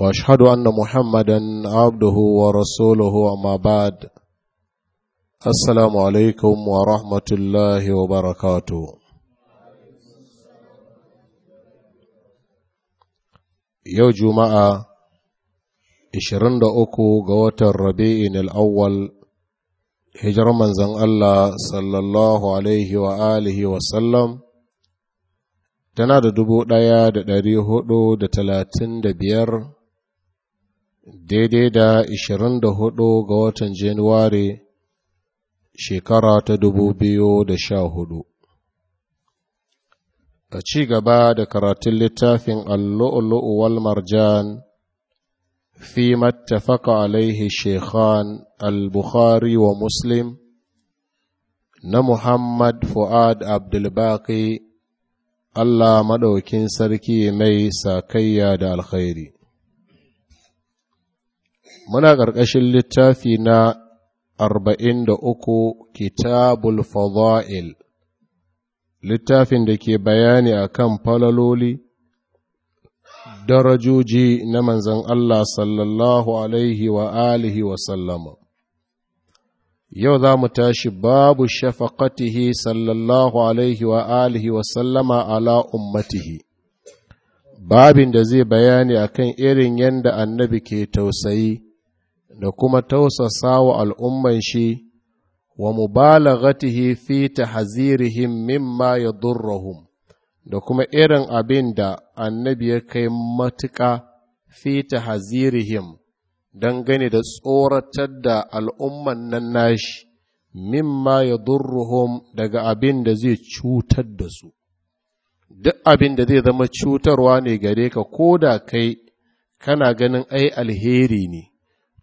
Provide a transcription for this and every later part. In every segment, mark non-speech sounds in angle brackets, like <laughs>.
واشهد ان محمدا عبده ورسوله اما بعد السلام عليكم ورحمه الله وبركاته يوم جمعه 23 ga watan rabi'in al-awwal hijar manzon Allah sallallahu alaihi wa alihi wa sallam tana da dubu ɗaya da ɗari hudu da talatin da biyar daidai da 24 ga watan Januwari shekara ta 2014. A ci gaba da karatun littafin Allo’ulu’u wal Marjan fi mattafaka alaihi Shekhan al-Bukhari wa Muslim na Muhammad Fu'ad Abdulbaki Allah maɗaukin sarki mai sakayya da alkhairi. muna ƙarƙashin littafi na arba'in da uku kitabul fada'il littafin da ke bayani a kan falaloli darajoji na manzan Allah sallallahu alaihi wa alihi wa sallama yau za mu tashi babu shafaƙatihi sallallahu alaihi wa alihi wa sallama ala ummatihi babin da zai bayani akan irin yadda annabi ke tausayi da kuma tausasa wa al'umman shi wa mubalaghatihi fi tahzirihim mimma yadurruhum da kuma irin abin da annabi ya kai matuƙa fi tahzirihim gani da tsoratar da al'umman nan nashi mimma yadurruhum daga abin da zai cutar da su duk abin da zai zama cutarwa ne gare ka ko da kai kana ganin ai alheri ne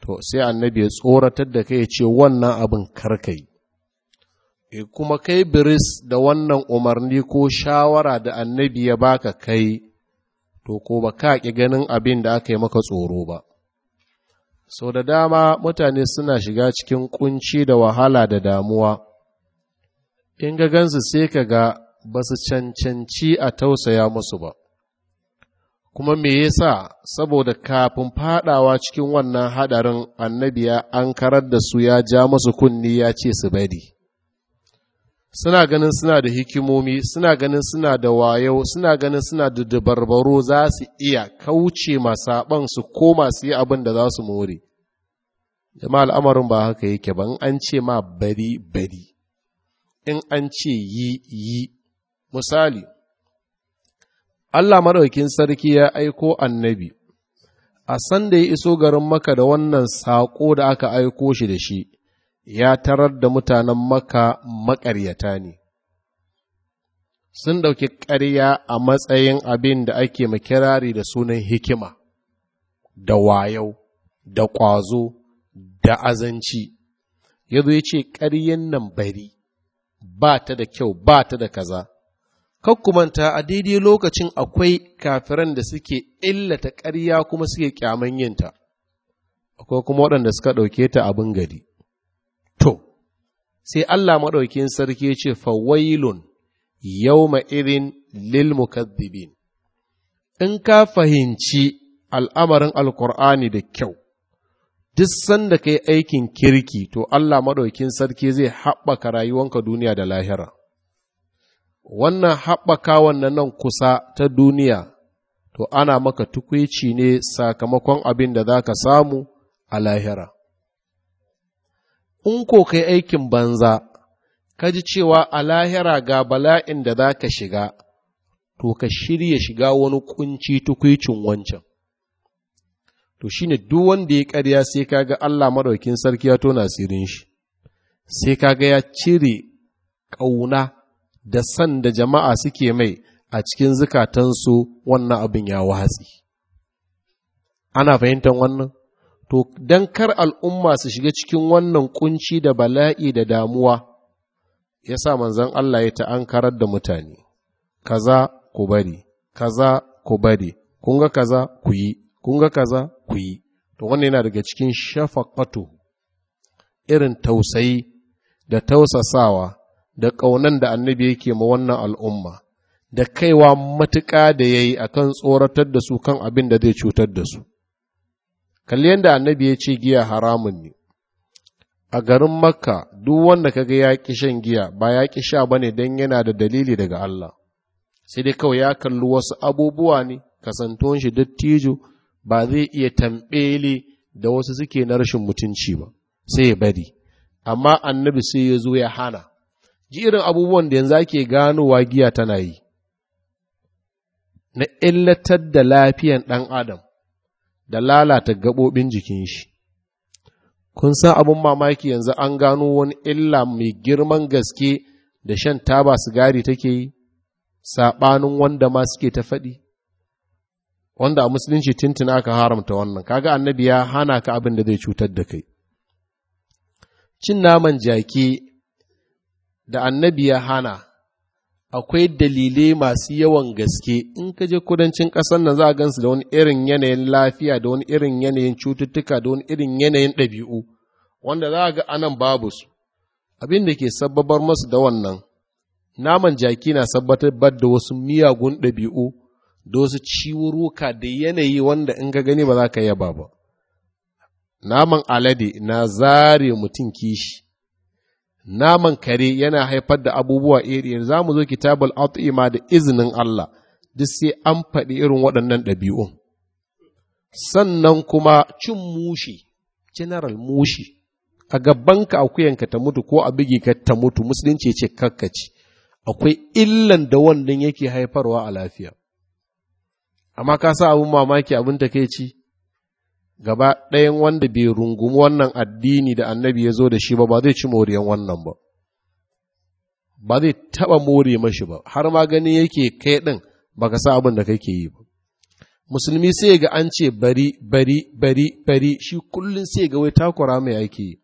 to sai annabi ya tsoratar da kai ya ce wannan abin karkai e kuma kai biris da wannan umarni ko shawara da annabi ya baka kai to ko ba ka ƙi ganin abin da aka yi maka tsoro ba sau da dama mutane suna shiga cikin kunci da wahala da damuwa in ga gansu sai ka ga ba su cancanci a tausaya musu ba kuma me yasa saboda kafin fadawa cikin wannan hadarin annabi ya an karar da su ya ja musu kunni ya ce su bari suna ganin suna da hikimomi suna ganin suna da wayo suna ganin suna da dabarbaro za su iya kauce masaban su koma su yi abin da za su more jama al'amarin ba haka yake ba in an ce ma bari bari in an ce yi yi misali Allah maɗaukin sarki ya aiko annabi, a san da ya iso garin maka da wannan saƙo da aka aiko shi da shi, ya tarar da mutanen maka maƙaryata ne. Sun ɗauki ƙarya a matsayin abin da ake makirari da sunan hikima, da wayau, da ƙwazo, da azanci, ya zo ya ce ƙaryen nan bari, ba ta da kyau, ba ta da kaza. kakkumanta a daidai lokacin akwai kafiran da suke illata ƙarya kuma suke kyaman yinta, akwai kuma waɗanda suka ɗauke ta abin gari. To, sai Allah maɗaukin sarki ce fawailun yauma irin lil mukaddibin. In ka fahimci al'amarin Alƙur'ani da kyau, duk sanda ka yi aikin kirki to Allah maɗaukin sarki zai haɓaka rayuwanka duniya da lahira. wannan haɓaka wannan nan kusa ta duniya to ana maka tukwici ne sakamakon abin da za ka samu a lahira. In ko kai aikin banza, ka ji cewa a lahira ga bala'in da za ka shiga, to ka shirya shiga wani kunci tukwicin wancan. To shi ne duk wanda ya karya sai ka ga Allah maɗaukin sarki ya tona sirin shi, sai ka ga ya cire ƙauna da san da jama'a suke mai a cikin zukatansu wannan abin ya watsi ana fahimtar wannan to don kar al'umma su shiga cikin wannan kunci da bala'i da damuwa ya sa manzan Allah ya ta'ankarar da mutane kaza ku bari kaza ku bari kunga kaza ku yi kunga kaza ku yi to wannan yana daga cikin shafaqatu irin tausayi da tausasawa da ƙaunan da annabi yake ma wannan al'umma da kaiwa matuƙa da ya yi a kan tsoratar da su kan abin da zai cutar da su. Kalli yadda annabi ya ce giya haramun ne, a garin Makka duk wanda ka ya ƙi shan giya ba ya ƙi sha ba ne don yana da dalili daga Allah, sai dai kawai ya kalli wasu abubuwa ne kasantuwan shi dattijo ba zai iya tamɓele da wasu suke na rashin mutunci ba, sai ya bari, amma annabi sai ya zo ya hana. ji irin abubuwan da yanzu ake ganowa giya tana yi na illatar da lafiyan ɗan adam da lalata gaɓoɓin jikin shi kun san abin mamaki yanzu an gano wani illa mai girman gaske da shan taba sigari take yi saɓanin wanda ma suke ta faɗi wanda a musulunci tintin aka haramta wannan kaga annabi ya hana ka abin da zai cutar da kai cin naman jaki da annabi ya hana akwai dalilai masu yawan gaske in ka je kudancin ƙasar nan za a gansu da wani irin yanayin lafiya da wani irin yanayin cututtuka da wani irin yanayin ɗabi'u wanda za a ga anan babu su abin da ke sabbabar masu da wannan naman jaki na sabbatar da wasu miyagun ɗabi'u da wasu ciwuruka da yanayi wanda in ka gani ba za ka yaba ba naman alade na zare mutum kishi naman kare yana haifar da abubuwa iri za mu zo kitabul at'ima da izinin Allah duk sai an faɗi irin waɗannan ɗabi'un sannan kuma cin mushi general mushi a gabanka akuyanka ta mutu ko a bige ka ta mutu musulunci ce kakkaci akwai illan da wannan yake haifarwa a lafiya amma ka sa abin mamaki abin ci? gaba ɗayan wanda bai rungumi wannan addini da annabi ya zo da shi ba ba zai ci moriyan wannan ba ba zai taɓa more mashi ba har ma gani yake kai ɗin ba ka sa abin da kake yi ba musulmi sai ga an ce bari bari bari bari shi kullum sai ga wai takura mai ake yi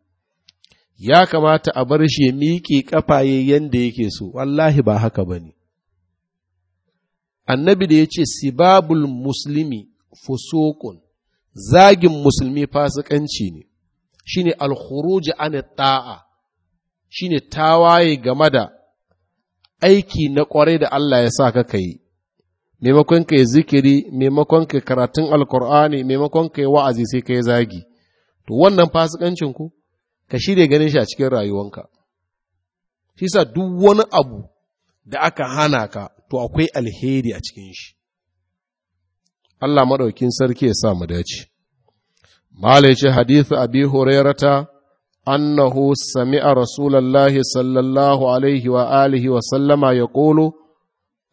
ya kamata a bar shi ya miƙe ƙafaye yadda yake so wallahi ba haka ba ne annabi da ya ce sibabul muslimi fusokun zagin musulmi fasikanci ne shine ne khuruj an ta'a shine tawaye game da aiki na kwarai da Allah ya sa ka kai maimakon ka yi zikiri maimakon ka karatun alkur'ani maimakon ka yi wa'azi sai ka yi zagi to wannan fasikancin ku ka shirya ganin shi a cikin rayuwanka shi sa duk wani abu da aka hana ka to akwai alheri a cikin shi Allah maɗaukin sarki ya sa mu dace. Malai ce hadithu abi hurairata annahu sami'a rasulallahi sallallahu alaihi wa alihi wa sallama ya ƙolo,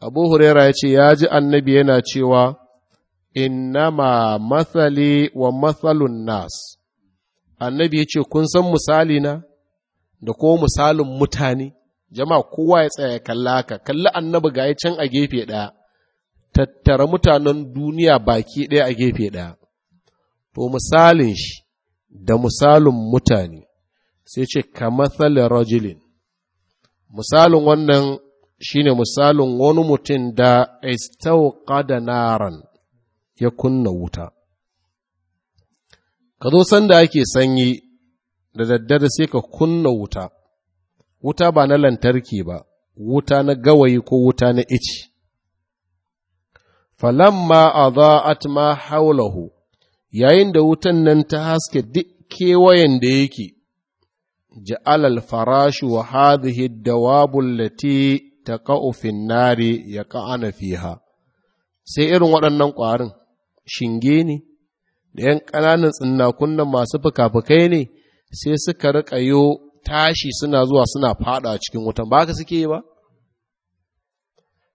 abu huraira ya ce ya ji annabi yana cewa innama mathali wa mathalun nas annabi ya ce kun san misali na da ko misalin mutane jama'a kowa ya tsaya kalla ka kalli annabi ga can a gefe ɗaya tattara mutanen duniya baki ɗaya a gefe ɗaya to misalin shi da misalin mutane sai ce kamathal rajilin, misalin wannan shine misalin wani mutum da da naran ya kunna wuta ka zo sanda ake sanyi da daddare sai ka kunna wuta wuta ba na lantarki ba wuta na gawayi ko wuta na ice. falamma adaat ma haulahu yayin da wutan nan ta haske duk kewayen da yake ja'alal farashu wa hadhihi dawabu allati taqa'u fin nari yaqa'ana fiha sai irin waɗannan ƙwarin shinge ne da ‘yan ƙananan tsinnakun nan masu fuka-fukai ne sai suka riƙa yo tashi suna zuwa suna faɗa cikin wutan ba haka suke yi ba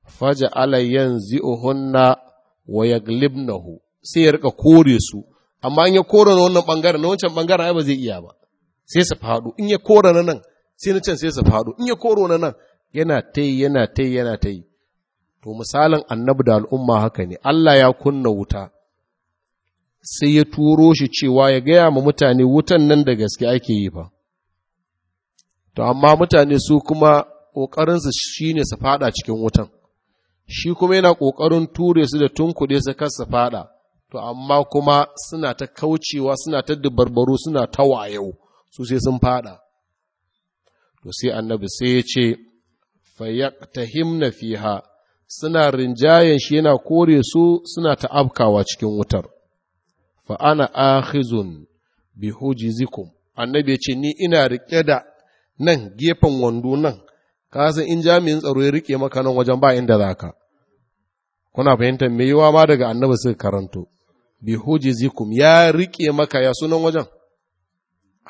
faja alayyan zi'uhunna wa ya yaglibnahu sai ya rika kore su amma in ya kore na wannan bangaren na wancan bangaren ai ba zai iya ba sai su faɗo in ya kore na nan sai na can sai su faɗo in ya kore na nan yana ta yi yana ta yi yana ta yi to misalin annabi da al'umma haka ne Allah ya kunna wuta sai ya turo shi cewa ya gaya ma mutane wutan nan da gaske ake yi fa to amma mutane su kuma ƙoƙarinsu shine su faɗa cikin wutan shi kuma yana ƙoƙarin ture su da tunkuɗe su su faɗa, to amma kuma suna ta kaucewa suna ta dabarbaru suna ta wayo, su sai sun faɗa. To sai annabi sai ya ce, himna fiha suna rinjayen shi yana kore su suna ta afkawa cikin wutar. Fa ana akhizun bi hujizikum annabi ya ce ni ina riƙe da nan gefen wando nan ka san in jami'in tsaro ya rike maka nan wajen ba inda za ka kuna fahimta me yiwa ma daga annabi suka karanto bi hujizikum ya rike maka ya sunan wajen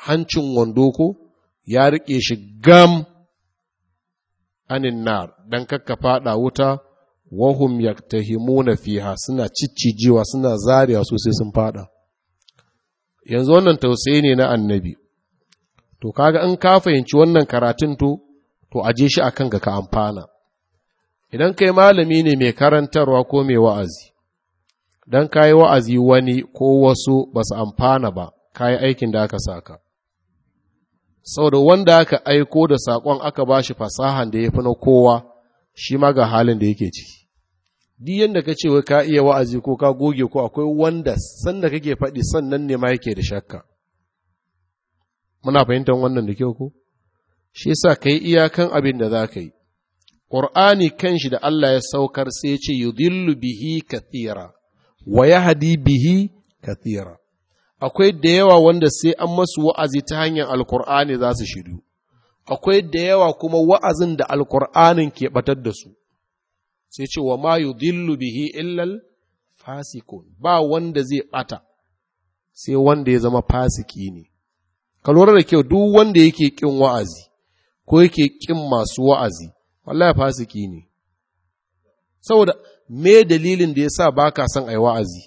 hancin wando ko ya rike shi gam anin nar dan kakka fada wuta wahum yaktahimuna fiha suna ciccijewa suna zariya su sun fada yanzu wannan tausayi ne na annabi to kaga in ka fahimci wannan karatun to to aje shi akan ga ka amfana idan kai malami ne mai karantarwa ko mai wa'azi don ka yi wa'azi wani ko wasu ba su amfana ba ka yi aikin da aka saka sau da wanda aka aiko da saƙon aka ba shi fasahan da ya fi na kowa shi ma ga halin da yake ciki duk yadda ka ce wa ka iya wa'azi ko ka goge ko akwai wanda sanda kake faɗi sannan ne ma yake da shakka muna fahimtar wannan da kyau ko shi sa ka yi iyakan abin da za ka yi ƙur'ani kanshi da Allah ya saukar sai ce yudillu bihi kathira wa yahdi bihi kathira akwai da yawa wanda sai an masu wa'azi ta hanyar alkur'ani za su shiru akwai da yawa kuma wa'azin da alƙur'anin ke batar da su sai ce wa ma yudillu bihi illal fasikun ba wanda zai bata sai wanda ya zama fasiki ne ka da kyau duk wanda yake kin wa'azi ko yake kin masu wa'azi wallahi fasiki ne saboda me dalilin da yasa baka son ai wa'azi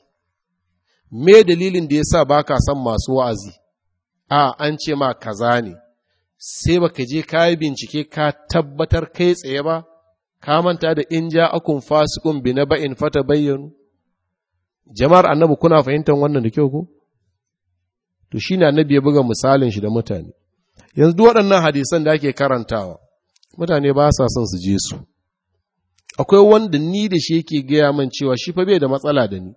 me dalilin da yasa baka son masu wa'azi a an ce ma kaza ne sai baka je ka yi bincike ka tabbatar kai tsaye ba ka manta da in ja akun fasikun bi na ba'in fata bayyanu jama'ar annabi kuna fahimtar wannan da kyau ko to shine annabi ya buga misalin shi da mutane yanzu duk waɗannan hadisan da ake karantawa mutane ba sa son su je su akwai wanda ni da shi yake gaya man cewa shi fa bai da matsala da ni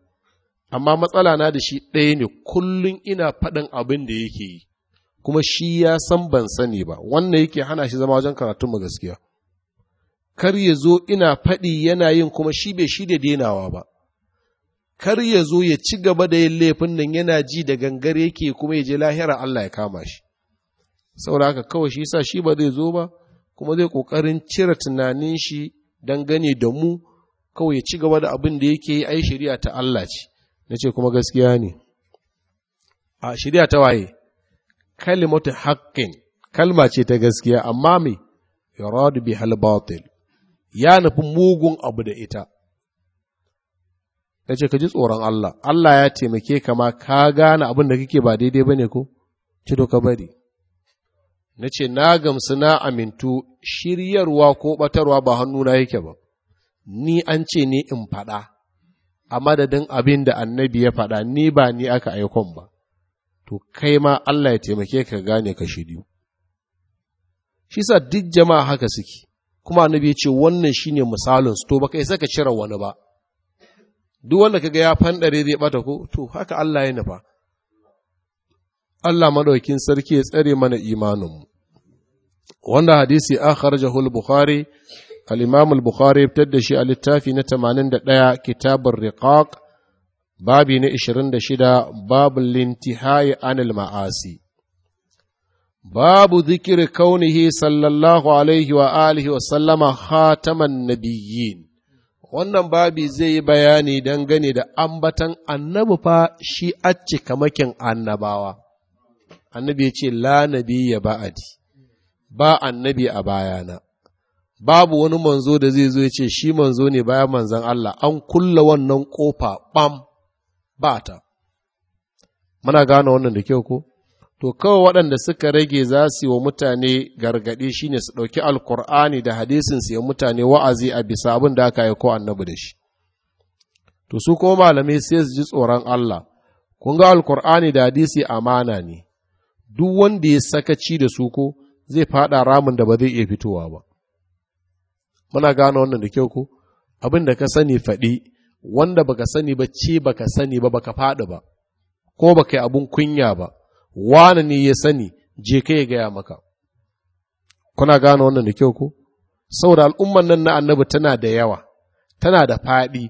amma matsala na da shi ɗaya ne kullum ina faɗin abin da yake yi kuma shi ya san ban sani ba wannan yake hana shi zama wajen karatun mu gaskiya kar ya zo ina faɗi yana yin kuma shi bai shi da denawa ba kar ya zo ya ci gaba da yin laifin nan yana ji da gangare yake kuma ya je lahira Allah ya kama shi saboda haka kawai shi yasa shi ba zai zo ba kuma zai ƙoƙarin cire tunanin shi don gane da mu kawai ya ci gaba da abin da yake yi ai shari'a ta Allah ce na ce kuma gaskiya ne a shari'a ta waye kalimatu haqqin kalma ce ta gaskiya amma mai, yuradu bi hal batil ya nufi mugun abu da ita na ce ka ji tsoron Allah Allah ya taimake kama ka gane abin da kake ba daidai bane ko ci doka ka bari na ce na gamsu na amintu shiryarwa ko batarwa ba hannuna yake ba ni an ce ni in faɗa a madadin abin da annabi ya faɗa ni ba ni aka aikon ba to kai ma Allah ya taimake ka gane ka shiryu shi sa duk jama'a haka suke kuma annabi ya ce wannan shine misalin su to baka isa ka cire wani ba duk wanda ga ya fanɗare zai bata ko to haka Allah ya nufa Allah maɗaukin sarki ya tsare mana imaninmu. Wanda hadisi a kharjahul Bukhari, al-Imam al-Bukhari fitar da shi a littafi na 81 Kitabun Riqaq, babi na 26 babu lintihai anil ma'asi. Babu zikir kaunihi sallallahu alaihi wa alihi wa sallama khataman nabiyyin. Wannan babi zai yi bayani dangane da ambatan annabi fa shi acci kamakin annabawa. annabi ya ce la ya ba'adi ba annabi a bayana babu wani manzo da zai zo ya ce shi manzo ne bayan manzan Allah an kulla wannan kofa bam ba ta muna gane wannan da kyau ko to kawai waɗanda suka rage za su yi wa mutane gargaɗi shine su ɗauki alkur'ani da hadisin su yi mutane wa'azi a bisa abin da aka yi ko annabi da shi to su kuma malamai sai su ji tsoron Allah kun ga alkur'ani da hadisi amana ne duk wanda ya sakaci da su ko zai fada ramin da ba zai iya fitowa ba muna gano wannan da kyau ko abin da ka sani faɗi wanda baka sani ba ce baka sani ba baka faɗi ba ko baka yi abin kunya ba wani ne ya sani je ka ya gaya maka kuna gano wannan da kyau ko saboda al'umman nan na annabi tana da yawa tana da faɗi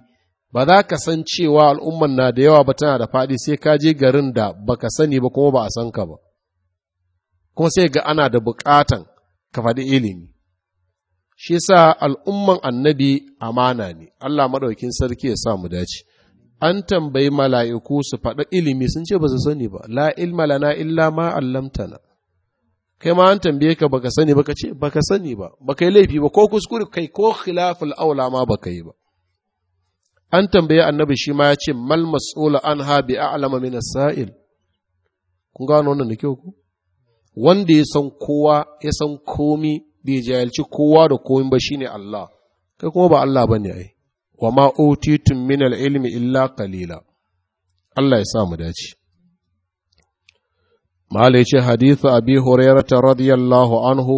ba za ka san cewa al'umman na da yawa ba tana da faɗi sai ka je garin da baka sani ba kuma ba a san ka ba kuma sai ga ana da bukatan ka faɗi ilimi shi sa al'umman annabi amana ne Allah maɗaukin sarki ya sa mu dace an tambayi mala'iku su faɗa ilimi sun ce ba su sani ba la ilma lana illa ma allamtana kai ma an tambaye ka baka sani baka ce baka sani ba baka yi laifi ba ko kuskure kai ko khilafin aula ma baka yi ba an tambaye annabi shi ma ya ce mal mas'ula an ha bi a'lama min sail kun gano wannan da kyau ku wanda ya san kowa ya san komi bai jahilci kowa da komi ba shine Allah kai kuma ba Allah bane ai wa ma utitum min ilmi illa qalila Allah ya sa mu dace Malai ce hadithu Abi hurairah radiyallahu anhu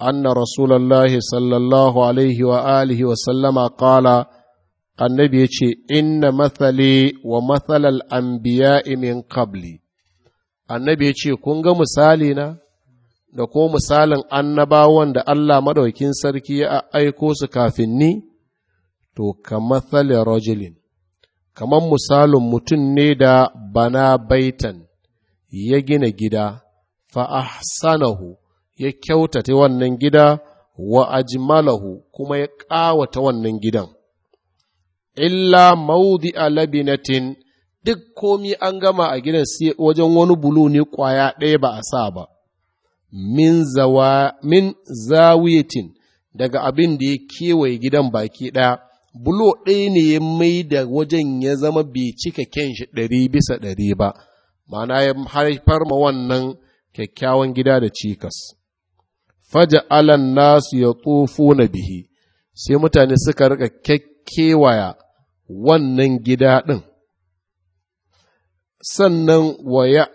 sallallahu alaihi wa alihi wa sallama qala annabi yace inna mathali wa mathal al anbiya min qabli annabi ya ce kun ga misali na da ko misalin annabawan da Allah maɗaukin sarki ya aiko su kafin ni to kamar rajulin kamar misalin mutum ne da bana baitan ya gina gida fa'ahsanahu ya kyautata wannan gida wa ajmalahu kuma ya ƙawata wannan gidan illa maudi labinatin duk komi an gama a gidan sai wajen wani bulu ne ƙwaya ɗaya ba a sa ba, min, zawiyatin daga abin da ya kewaye gidan baki ɗaya, bulo ɗaya ne ya mai da wajen ya zama bai cika kenshi ɗari bisa ɗari ba, mana ya haifar ma wannan kyakkyawan gida da cikas. Faja alan nasu ya tsofo na bihi, sai mutane suka rika kyakkewaya wannan gida ɗin. sannan wa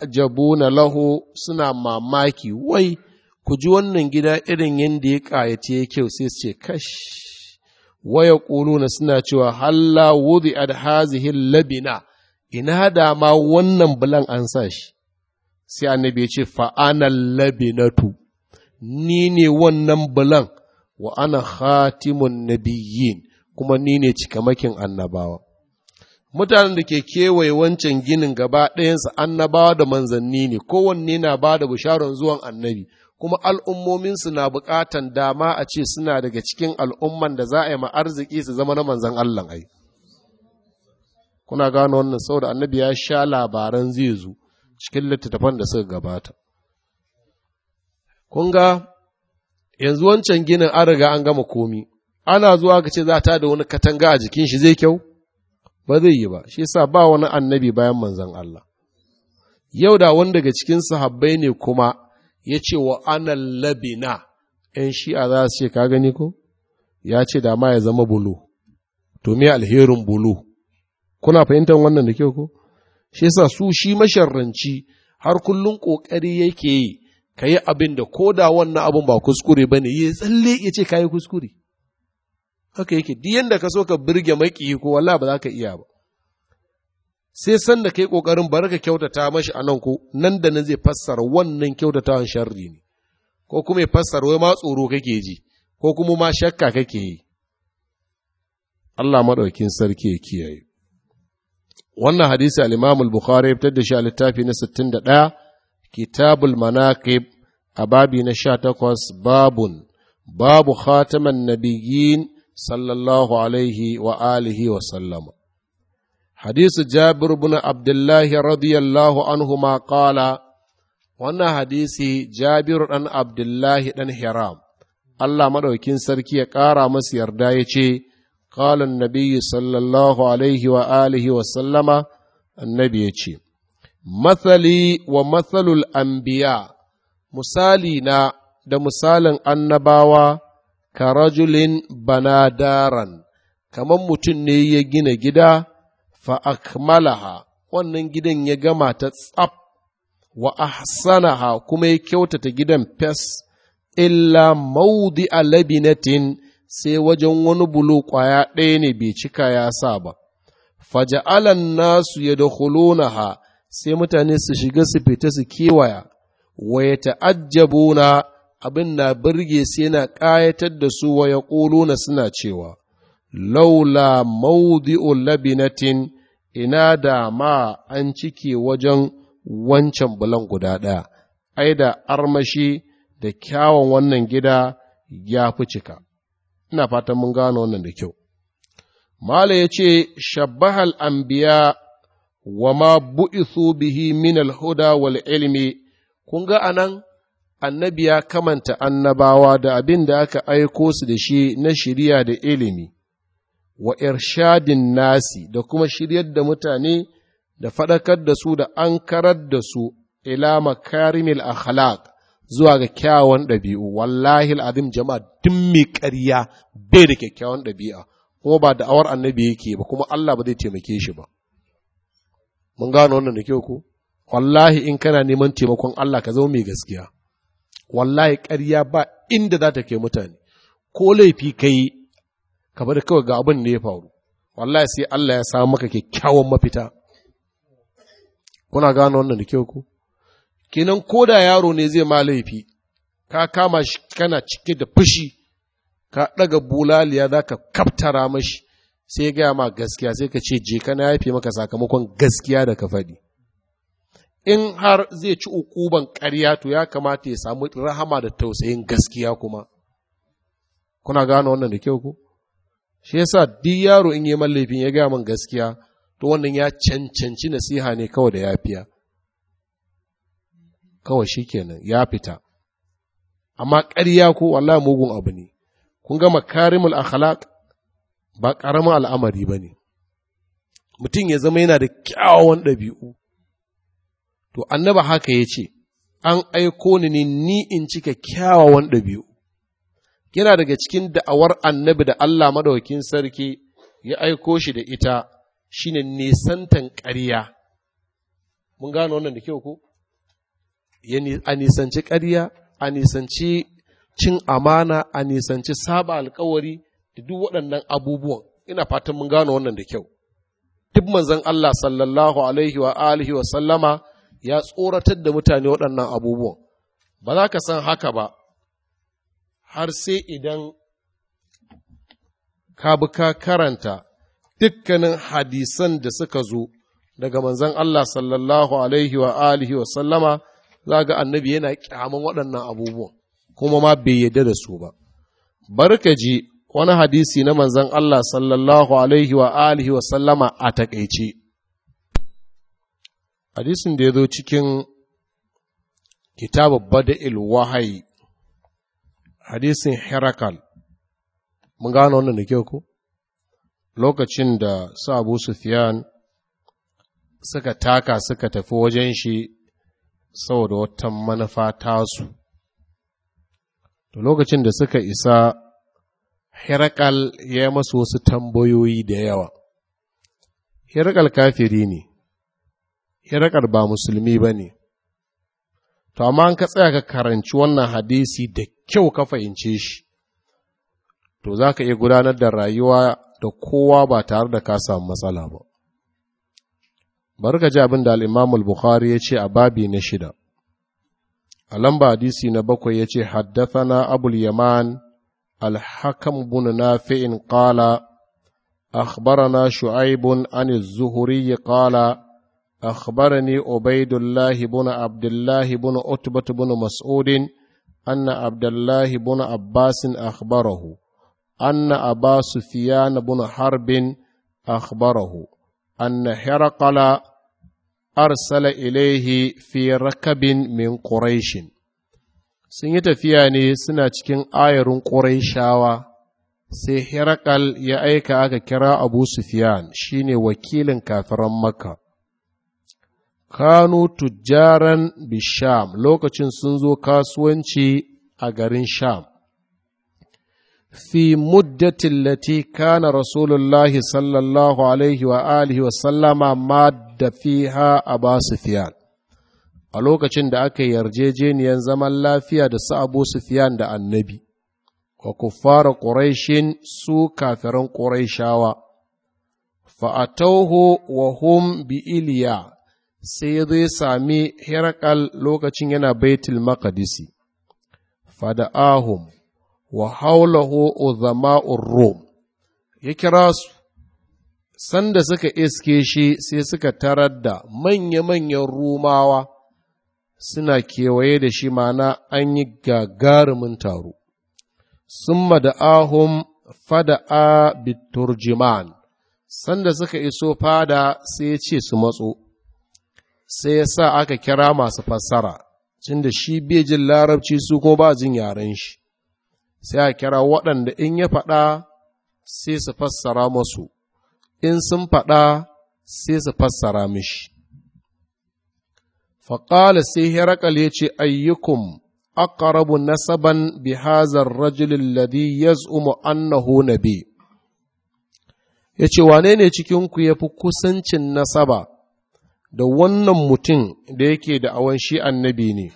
na laho suna mamaki wai ku ji wannan gida irin yadda ya ƙayace ya kyau sai su ce kash waya ƙuluna suna cewa halla a da hazihin labina ina da ma wannan bulan an sa shi sai annabi ya ce fa'anan labinatu ni ne wannan bulan wa ana hatimun nabiyyin kuma ni ne cikamakin annabawa mutanen da ke kewaye wancan ginin gaba ɗayansa annabawa da manzanni ne kowanne na ba da bisharar zuwan annabi kuma al'ummominsu na buƙatan dama a ce suna daga cikin al'umman da za a yi ma arziki su zama na manzan Allah ai kuna gano wannan saboda annabi ya sha labaran zai zo cikin littattafan da suka gabata kun yanzu wancan ginin an riga an gama komi ana zuwa ka ce za ta da wani katanga a jikin shi zai kyau ba zai yi ba shi sa ba wani annabi bayan manzon Allah yau da wani daga cikin sahabbai ne kuma ya ce wa anan labina ‘yan shi'a za su ce ka gani ko ya ce da ma ya zama bulu to me alherin bulu kuna fahimtar wannan da kyau ko shi sa su shi masharranci har kullum ƙoƙari yake yi ka yi abin da ko da wannan abin ba kuskure ba ne ya tsalle ya ce ka yi kuskure haka yake duk yanda ka so ka birge maki ko wallahi ba za ka iya ba sai san da kai kokarin bar ka kyautata mashi a nan ko nan da nan zai fassara wannan kyautatawan sharri ne ko kuma ya fassara wai ma tsoro kake ji ko kuma ma shakka kake yi Allah madaukin sarki ya kiyaye wannan hadisi al-Imam al-Bukhari ya fitar da shi a littafi na 61 Kitabul Manaqib a babi na 18 babun babu khataman nabiyyin sallallahu alaihi wa alihi wa sallama hadisu jabir bin abdullahi radiyallahu anhu ma kala. wannan hadisi Jabiru dan abdullahi dan hiram Allah madaukin sarki ya ƙara masa yarda ya ce qala annabi sallallahu alaihi wa alihi wa sallama annabi ce mathali wa mathalul anbiya misali na da misalin annabawa Karajulin rajulin daran, kamar mutum ne ya gina gida fa akmalaha wannan gidan ya gama ta tsaf wa ahsanaha kuma ya kyautata gidan fes illa maudi a labinatin sai wajen wani bulo ƙwaya ɗaya ne bai cika ya sa ba faja'alan nasu ya da ha sai mutane su shiga su fita su kewaya wa ya ta'ajjabuna abin na birge su yana ƙayatar da su wa ya na suna cewa, Laula maudi'u labinatin ina da ma an cike wajen wancan bulan guda ɗaya, ai da armashi da kyawun wannan gida ya fi cika. Ina fatan mun gano wannan da kyau. Mala ya ce, Shabbahal biya wa ma bu'ithu bihi min al-huda wal ilmi, kun ga anan annabi ya kamanta annabawa da abin da aka aiko su da shi na shirya da ilimi wa irshadin nasi da kuma shiryar da mutane da faɗakar da su da an karar da su ila makarimil akhlaq zuwa ga kyawun ɗabi'u wallahi al'azim jama'a duk mai ƙarya bai da kyakkyawan ɗabi'a kuma ba da awar annabi yake ba kuma Allah ba zai taimake shi ba mun gano wannan da kyau ko wallahi in kana neman taimakon Allah ka zama mai gaskiya wallahi karya ba inda za ta ke mutane ko laifi ka yi ka bari kawai ga abin da ya faru wallahi sai Allah ya samu maka kyakkyawan mafita kuna gano wannan da kyau ku kenan ko da yaro ne zai ma laifi ka kama shi kana cike da fushi ka ɗaga bulaliya za ka kaftara mashi sai ya gaya ma gaskiya sai ka ce je kana yafe maka sakamakon gaskiya da ka faɗi in har zai ci ukuban ƙarya to ya kamata ya samu rahama da tausayin gaskiya kuma kuna gano wannan da kyau ku shi yasa duk yaro in yi mallafin ya gaya min gaskiya to wannan ya cancanci nasiha ne kawai da ya fiya? kawai shi kenan ya fita amma ƙarya ko wallahi mugun abu ne kun gama karimul akhlaq ba ƙaramin al'amari ba ne mutum ya zama yana da kyawawan ɗabi'u To, annaba haka ya ce, An aiko ni ne ni in cika kyawawan ɗabi'u. Yana daga cikin da'awar annabi da Allah maɗaukin sarki ya aiko shi da ita shi ne nisantan ƙarya. Mun gano wannan da kyau ko? A nisanci ƙarya, a nisanci cin amana, a nisanci saba alkawari da duk waɗannan abubuwan. Ina fatan mun gano wannan da kyau. Duk manzon Allah sallallahu alaihi wa alihi wa sallama ya tsoratar da mutane waɗannan abubuwan ba za ka san haka ba har sai idan ka bi ka karanta dukkanin hadisan da suka zo daga manzan Allah sallallahu alaihi wa alihi wa sallama za ga annabi yana kyaman waɗannan abubuwan kuma ma bai yadda da su ba barka ji wani hadisi na manzan Allah sallallahu alaihi wa alihi wa sallama a takaice hadisin da ya zo cikin kitabu bada'il wahayi hadisin herakal mun gano wannan da kyau ko lokacin da su abu Sufiyan suka taka suka tafi wajen shi saboda wata manufa tasu to lokacin da suka isa herakal ya yi masu wasu tambayoyi da yawa herakal kafiri ne hirakar ba musulmi ba ne to amma an ka tsaya ka karanci wannan hadisi da kyau ka fahimce shi to za ka iya gudanar da rayuwa da kowa ba tare da ka samu matsala ba bari ka ji abin da al'imamul bukhari ya ce a babi na shida a lamba hadisi na bakwai ya ce haddathana abul yaman alhakam bun nafi'in قال أخبرنا شعيب عن الزهري قال أخبرني عبيد الله بن عبد الله بن عتبة بن مسعود أن عبد الله بن عباس أخبره أن أبا سفيان بن حرب أخبره أن هرقل أرسل إليه في ركب من قريش sun yi tafiya ne suna cikin ayarin ƙuraishawa يأيك hirakal ya aika aka kira abu sufyan kanu tujjaran bisham lokacin sun zo kasuwanci a garin sham fi muddatin lati kana rasulullahi sallallahu alaihi wa alihi wa sallama ma da fi ha a lokacin da aka yarjejeniyar zaman lafiya da su abu sufyan da annabi wa fara ƙuraishin su kafiran ƙuraishawa fa'atauhu wa hum bi iliya sai ya zo ya sami herakal lokacin yana baitul maqdisi fada'ahum wa haulahu uzama'ur rum ya kira su sanda suka iske shi sai suka tarar da manya-manyan rumawa suna kewaye da shi mana an yi gagarumin taro summa da ahum fada'a biturjiman sanda suka iso fada sai ya ce su matso sai ya sa aka kira masu fassara cin da shi bai jin larabci su ko ba jin yaren shi sai a kira waɗanda in ya faɗa sai su fassara masu in sun faɗa sai su fassara mishi faƙala sai herakal ya ce ayyukum aqrabu nasaban bi hazar rajulin ladhi yaz'umu annahu nabi ya ce wane ne cikinku ya fi kusancin nasaba da wannan mutum da yake da awon shi annabi ne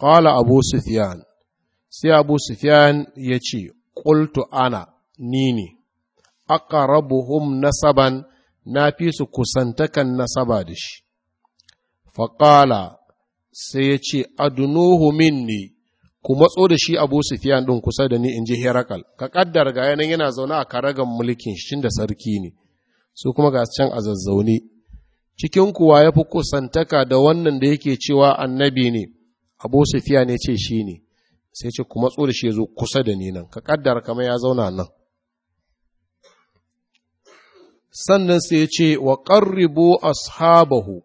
ƙala abu sufyan sai abu sufyan ya ce Ƙultu ana ni ne aqrabuhum nasaban na fi su kusantakan nasaba da shi faƙala sai ya ce adunuhu minni ku matso da shi abu sufiyan ɗin kusa da ni in ji herakal ka ƙaddar ga yanayin yana zaune a karagan mulkin shi da sarki ne su kuma ga can a zazzaune cikin kuwa ya fi kusantaka da wannan da yake cewa annabi ne abu sufiya ne ce shi ne sai ce kuma matso da shi zo kusa da ni nan ka kaddara kamar ya zauna nan sannan sai ya ce wa ƙarribo ashabahu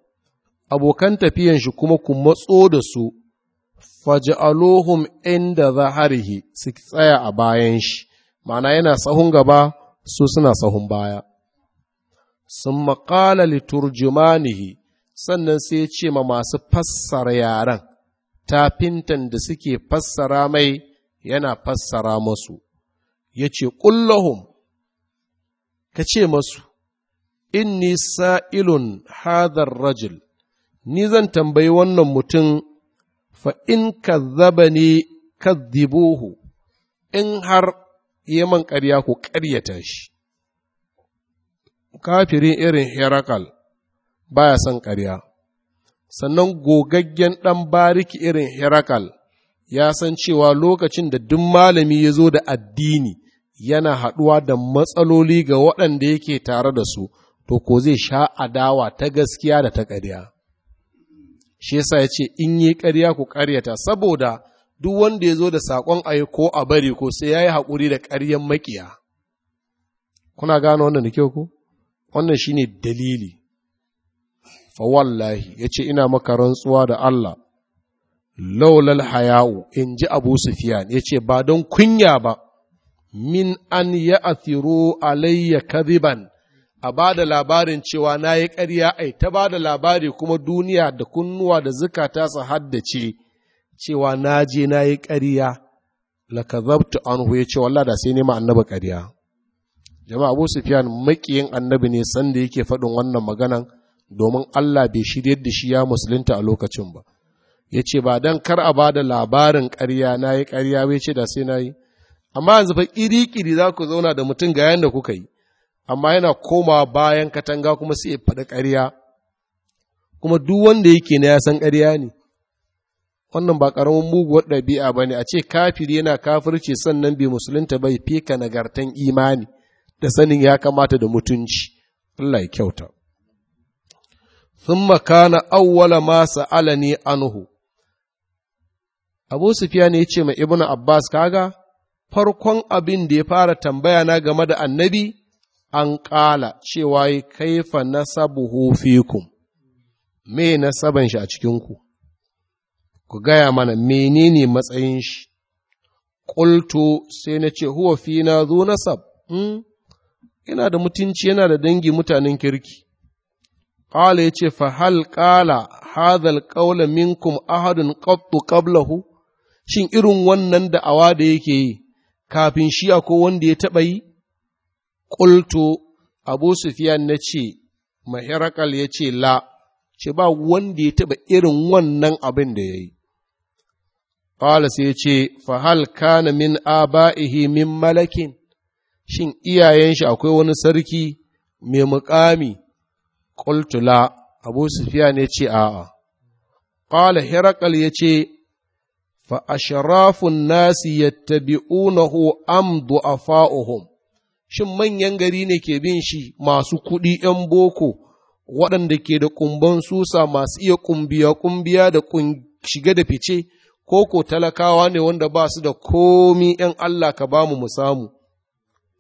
abokan tafiyan shi kuma ku matso da su faji alohun inda zaharhi su tsaya a bayan shi ma'ana yana sahun gaba su suna sahun baya sun maƙala liturjumanihi sannan sai ya ce ma masu fassara yaren tafintan da suke fassara mai yana fassara masu ya ce ƙullahum ka ce masu inni sa'ilun hadar rajul ni zan tambayi wannan mutum fa in ka zaba kazzabani kadhibuhu in har man ƙarya ku ƙaryata shi kafiri irin herakal baya son ƙarya sannan gogaggen ɗan bariki irin herakal ya san cewa lokacin da duk malami ya zo da addini yana haɗuwa da matsaloli ga waɗanda yake tare da su to ko zai sha adawa ta gaskiya da ta ƙarya shi yasa ya ce in yi ƙarya ku ƙaryata saboda duk wanda ya zo da saƙon ayi ko a bari ko sai ya yi haƙuri da ƙaryan maƙiya kuna gane wannan da kyau ko wannan shi ne dalili fawallahi wallahi ce ina maka rantsuwa da Allah laulal haya'u in ji abu sufiyan ya ce ba don kunya ba min an ya athiro alayya kadiban a ba da labarin cewa na yi ƙarya ai ta ba da labari kuma duniya da kunnuwa da zukata su haddace cewa na je na yi ƙarya la kazabtu anhu ya ce wallah da sai nema annaba ƙarya jama'a abu sufyan makiyin annabi ne sanda yake faɗin wannan maganan domin allah bai shiryar da shi ya musulunta a lokacin ba ya ce ba dan kar a ba da labarin ƙarya na yi ƙarya bai ce da sai na yi amma yanzu fa ƙiri-ƙiri za ku zauna da mutum ga yadda kuka yi amma yana koma bayan katanga kuma sai ya faɗi ƙarya kuma duk wanda yake na ya san ƙarya ne wannan ba ƙaramin muguwar ɗabi'a ba ne a ce kafiri yana kafirci sannan bai musulunta bai fika nagartan imani da sanin ya kamata da mutunci Allah ya kyauta thumma kana awwala ma sa'alani anhu Abu Sufyan ya ce ma Ibn Abbas kaga farkon abin da ya fara tambaya na game da annabi an ƙala cewa yi kaifa nasabuhu fikum me nasaban shi a cikin ku Ku gaya mana menene matsayin shi ƙultu sai na ce huwa fi na zo nasab mm? yana da mutunci yana da dangi mutanen kirki qala yace fa hal qala hadha qawla minkum ahadun qattu qablahu shin irin wannan da awa da yake yi kafin shi ko wanda ya taɓa yi qultu abu sufyan nace ya yace la ce ba wanda ya taɓa irin wannan abin da ya yi. Ƙwala sai ce, Fahal kana min aba'ihi min malakin, shin iyayen shi akwai wani sarki mai mukami ƙultula abu sufiyan ya ce a'a ƙala herakal ya ce fa sharafin nasi ya unahu am du'afa'uhum shin manyan gari ne ke bin shi masu kuɗi ‘yan boko waɗanda ke da kumban susa masu iya kumbiya-kumbiya da shiga da fice ko ko talakawa ne wanda ba su da komi ‘yan Allah ka ba mu samu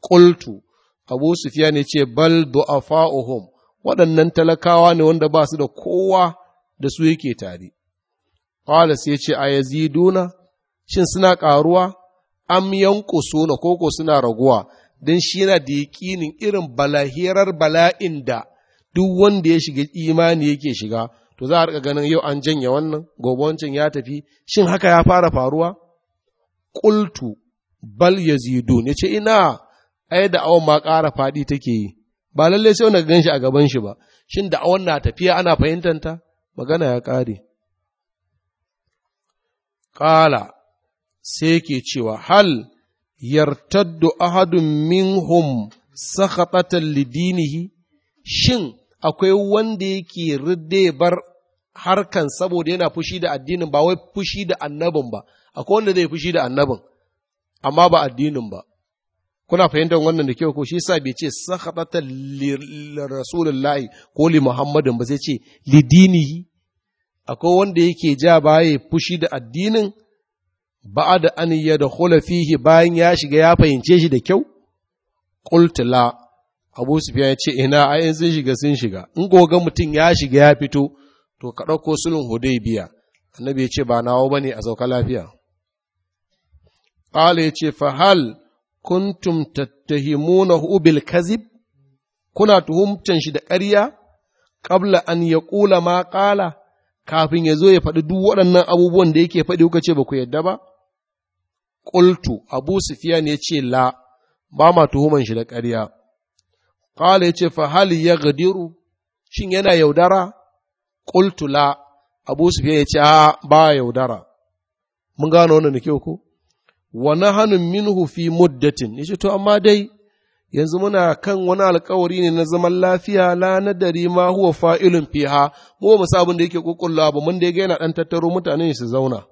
Kultu, Abu Sufyan ya ce, Bal du'afa'uhum, waɗannan talakawa ne wanda ba su da kowa da su yake tare. Qala sai ce, A yaziduna, shin suna ƙaruwa? Am yankusuna koko suna raguwa, don shi yana da yaƙinin irin balahirar bala'in da duk wanda ya shiga imani yake shiga, to za a riƙa ganin yau an janye wannan, gobe wancan ya tafi, shin haka ya fara faruwa? Ƙultu, bal yazidu ne ce ina ai da awon ma ƙara faɗi take yi ba lallai sai wanda gan shi a gaban shi ba shin da awon na tafiya ana fahimtanta magana ya ƙare ƙala sai ke cewa hal yartaddu ahadun minhum sakhatatan lidinihi shin akwai wanda yake ridde bar harkan saboda yana fushi da addinin ba wai fushi da annabin ba akwai wanda zai fushi da annabin amma ba addinin ba kuna fahimtar wannan da kyau ko shi yasa bai ce sakhata rasulullahi ko li muhammadin ba zai ce lidinihi akwai wanda yake ja baya fushi da addinin ba'ada an yadkhula fihi bayan ya shiga ya fahimce shi da kyau qultu la Abu Sufyan ya ce ina ai sun shiga sun shiga in goga mutum ya shiga ya fito to ka ɗauko sulhun Hudaybiya annabi ya ce ba nawo bane a sauka lafiya qala ya ce fa hal kuntum tattahimunahu bil kazib kuna tuhumtan shi da ƙarya Kabla an yaqula ma qala kafin ya zo ya faɗi duk waɗannan abubuwan da yake faɗi kuka ce ba ku yadda ba qultu abu sufyan ya ce la ba ma tuhuman shi da ƙarya qala ya ce fa hal yaghdiru shin yana yaudara qultu la abu sufyan ya ce a ba yaudara mun gano wannan da kyau ko Wani nahanu minhu fi muddatin yace to amma dai yanzu muna kan wani alkawari ne na zaman lafiya la nadari ma huwa fa'ilun fiha mu ba sabon da yake kokulla ba mun da ga yana dan tattaro mutane su zauna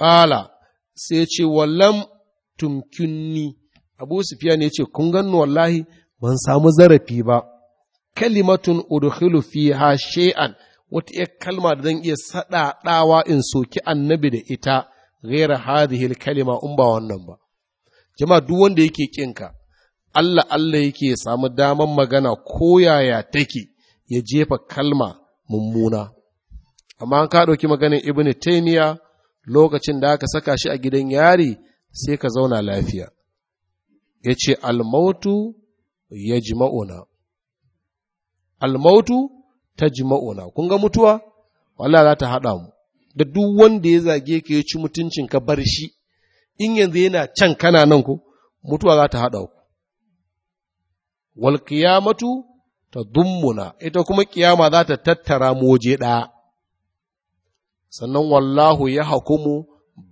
Ƙala sai ce wallam tumkinni abu sufiyan yace kun ganni wallahi ban samu zarafi ba kalimatun udkhilu fiha shay'an wata kalma da zan iya saɗaɗawa in soki annabi da ita ghera hadhihi kalima in ba wannan ba jama'a duk wanda yake kinka Allah Allah yake samu daman magana ko yaya take ya jefa kalma mummuna amma an ka ɗauki maganin ibn taymiya lokacin da aka saka shi a gidan yari sai ka zauna lafiya ya ce almautu ya almautu ta jima'una kun ga mutuwa wallah za ta haɗa mu da duk wanda ya zage ka ya ci mutuncin ka bar shi in yanzu yana can kana nan ku mutuwa za ta haɗa ku wal qiyamatu dummuna ita kuma kiyama za ta tattara mu waje ɗaya sannan wallahu ya hakumu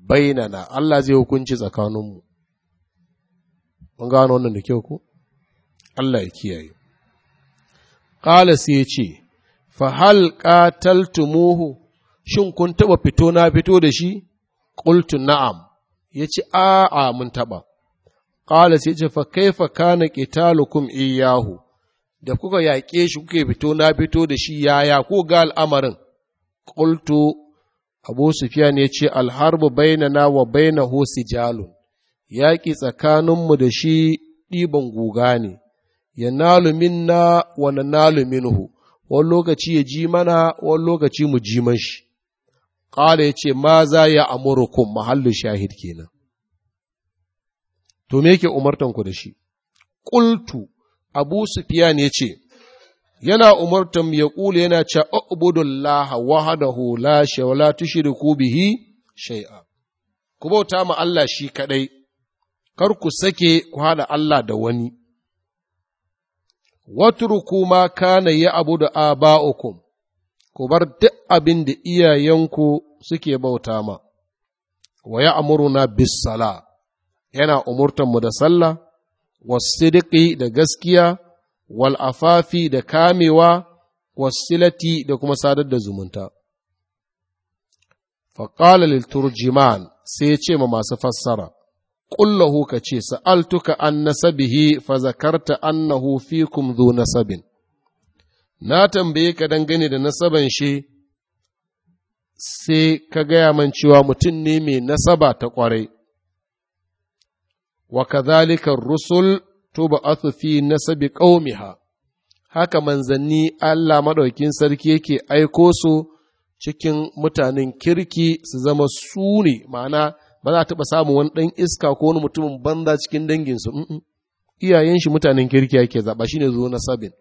bainana Allah zai hukunci tsakaninmu mun gano wannan da kyau ko Allah ya kiyaye qala sai ce fa hal qataltumuhu shin kun taɓa fito na fito da shi qultu na'am ya ci, a'a mun taɓa qala sai ce fa kaifa kana qitalukum iyyahu da kuka yaƙe shi kuke fito na fito da shi yaya ko ga al'amarin qultu abu sufyan ya ce alharbu bainana wa bainahu sijalun yaƙi tsakaninmu da shi ɗiban guga ne Ya nalu minna wa nalu minhu wani lokaci ya ji mana wani lokaci mu ji man shi ƙala ya ce ma za ya amurkum mahallu shahid kenan to me yake umartanku da shi ƙultu abu sufiyan ya ce yana umartan ya ƙula yana ce ubudullah wahdahu la shawla ku bihi shai'a. ku bauta ma Allah shi kaɗai, kar ku sake ku haɗa Allah da wani, wata ma kana ya abu da aba'ukum, ku bar duk abin da iyayenku suke bauta ma, wa ya amuruna bis sala, yana umurtanmu da sallah, wasu da gaskiya, Walafafi da kamewa, wasilati da kuma sadar da zumunta. Faƙalar liturjiman sai ya ce ma masu fassara, Ƙullahu ka ce, sa'altuka an nasabihi fa zakarta annahu fikum zu nasabin. na tambaye ka dangane da nasaban shi sai ka gaya man cewa mutum ne mai nasaba ta ƙwarai wa kazalika rusul tub'athu fi nasabi qaumiha haka manzanni Allah maɗaukin sarki yake aiko su cikin mutanen kirki su zama su ne ma'ana ba za taɓa samun wani ɗan iska ko wani mutumin banza cikin danginsu iyayen shi mutanen kirki yake zaɓa shine zo nasabin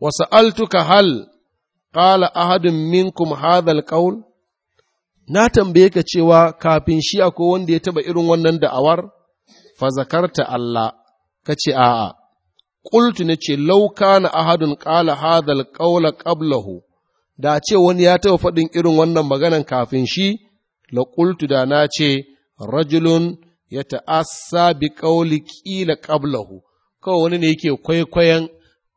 wasa'altuka hal ƙala ahadin minkum hadhal qaul na tambaye cewa kafin shi akwai wanda ya taba irin wannan da'awar fa zakarta Allah ka ce a'a qultu na ce law kana ahadun qala hadhal qaula qablahu da ce wani ya taba faɗin irin wannan maganan kafin shi la qultu da na ce rajulun ya ta'assa bi qauli qila qablahu kawai wani ne yake kwaikwayon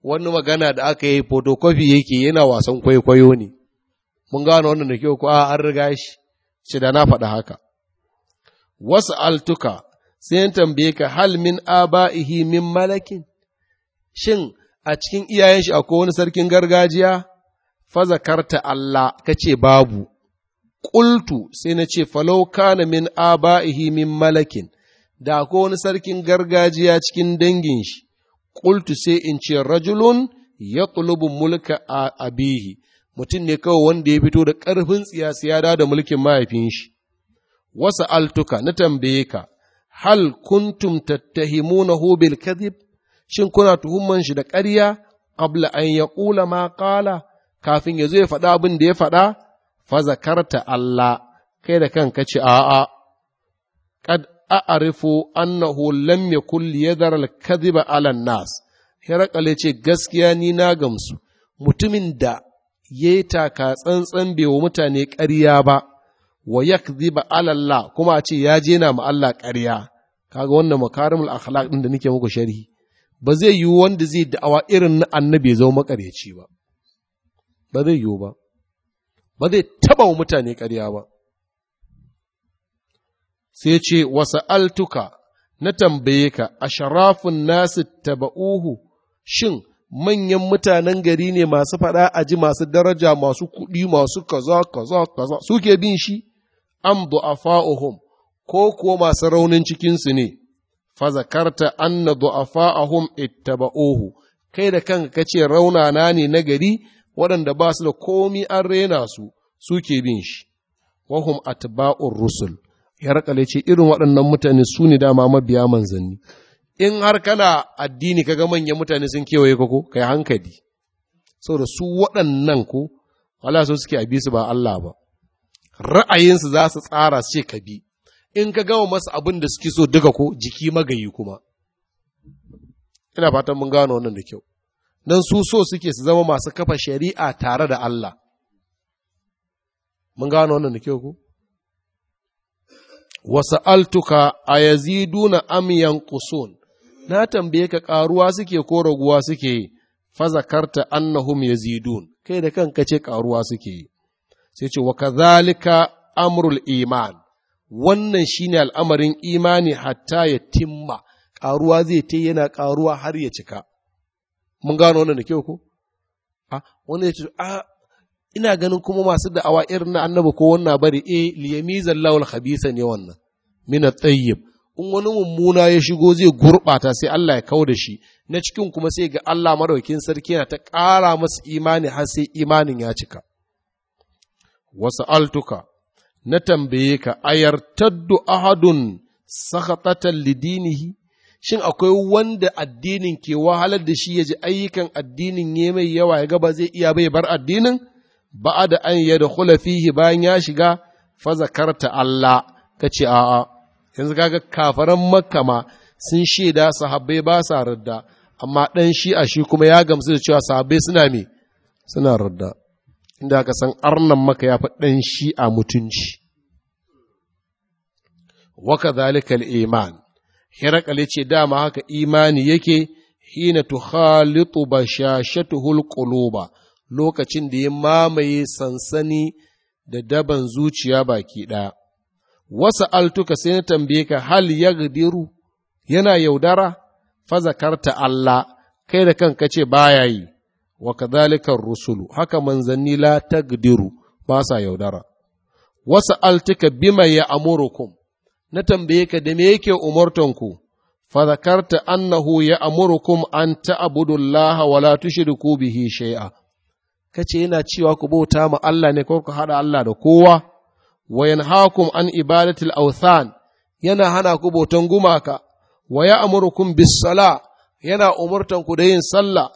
wani magana da aka yi photocopy yake yana wasan kwaikwayo ne mun gano wannan da kyau ko an riga shi ce da na faɗa haka wasu altuka sai yin tambaye ka hal min aba'ihi min malakin shin a cikin iyayen shi akwai wani sarkin gargajiya fazakarta Allah ka ce babu ƙultu sai na ce falau kana min aba'ihi min malakin da akwai wani sarkin gargajiya cikin dangin shi Ƙultu sai in ce rajulun ya ƙulubin mulka a abihi, mutum ne kawai wanda ya fito da ƙarfin tsiyasi ya da mulkin mahaifin shi. Wasa altuka na tambaye ka, hal kuntum na hobel kazib shin kuna tuhumman shi da ƙarya qabla an ƙula ma ƙala, kafin ya zo ya faɗa abin da ya faɗa fa zakarta Allah kai da kanka ce a'a a'arifu annahu lam yakul yadhar al-kadhiba 'ala an-nas Herakal ce gaskiya ni na gamsu mutumin da yayi taka tsantsan bai mutane ƙarya ba wa yakdhiba 'ala Allah kuma a ce ya je na ma Allah ƙarya kaga wannan makarimul akhlaq din da nake muku sharhi ba zai yiwu wanda zai da'awa irin na annabi ya zama ba ba zai yiwu ba ba zai taba wa mutane ƙarya ba sai ce wasa altuka na tambaye ka a sharafin nasu taba'uhu shin manyan mutanen gari ne masu faɗa a ji masu daraja masu kuɗi masu kaza kaza kaza suke bin shi am du'afa'uhum ko kuwa masu raunin cikinsu ne fazakarta zakarta anna du'afa'ahum ittaba'uhu kai da kanka ka kace raunana ne na gari waɗanda ba su da komi an rena su suke bin shi wahum atba'ur rusul ya rakale ce irin waɗannan mutane su ne dama mabiya manzanni in har kana addini ka ga manyan mutane sun kewaye ka ko kai hankali da su waɗannan ko Allah so suke abi su ba Allah ba ra'ayinsu za su tsara su ce ka bi in ka gama masu abin da suke so duka ko jiki magayi kuma ina fatan mun gano wannan da kyau don su so suke su zama masu kafa shari'a tare da Allah mun gano wannan da kyau ko wasu altuka a yaziduna amiyan kusun, na tambaye ka ƙaruwa suke ko raguwa suke yi, fazakarta annahum yazidun, kai da kanka ce ƙaruwa suke Sai ce, wa kazalika amrul iman, wannan shine al'amarin imani hatta ya timma, ƙaruwa zai ta yana karuwa har ya cika. Mun gano wannan da kyau ko? wani ya ce, a ina ganin kuma masu da'awa irin na annabi ko wannan bari eh liyami lawal habisa ne wannan min at-tayyib in wani mummuna ya shigo zai gurbata sai Allah ya da shi na cikin kuma sai ga Allah madaukin sarki yana ta ƙara masa imani har sai imanin ya cika wasu altuka na tambaye ka ayar taddu ahadun sakhatatan lidinihi shin akwai wanda addinin ke wahalar da shi ya ji ayyukan addinin ya mai yawa ya ba zai iya bai bar addinin ba'ada an da fihi bayan ya shiga fazakarta Allah, ka ce a'a yanzu kaga kafaran makama ma sun shaida sahabbai ba sa radda amma dan shi a shi kuma ya gamsu da cewa sahabbai suna me suna radda inda aka san arnan maka ya fi dan shi a mutunci wa kadhalika al-iman hirakal ce dama haka imani yake hina tukhalitu bashashatuhul quluba lokacin da ya mamaye sansani da daban zuciya baki ɗaya. wasa altuka sai na tambaye ka hal ya gudiru, yana yaudara, fazakarta Allah, kai da kanka ce baya yi, wa kadhalikar rusulu, haka manzanni la gudiru ba sa yaudara. Wasu altuka bima ya amurukum, na tambaye ka da me yake umartanku, fazakarta annahu ya amurukum an ta'budullaha wa la tushriku bihi shai'a kace yana cewa ku bauta ma Allah ne ko ku haɗa Allah da kowa wa yanhaakum an ibadatul awthan yana hana ku bautan gumaka wa ya'murukum bis sala yana umurtan ku da yin sallah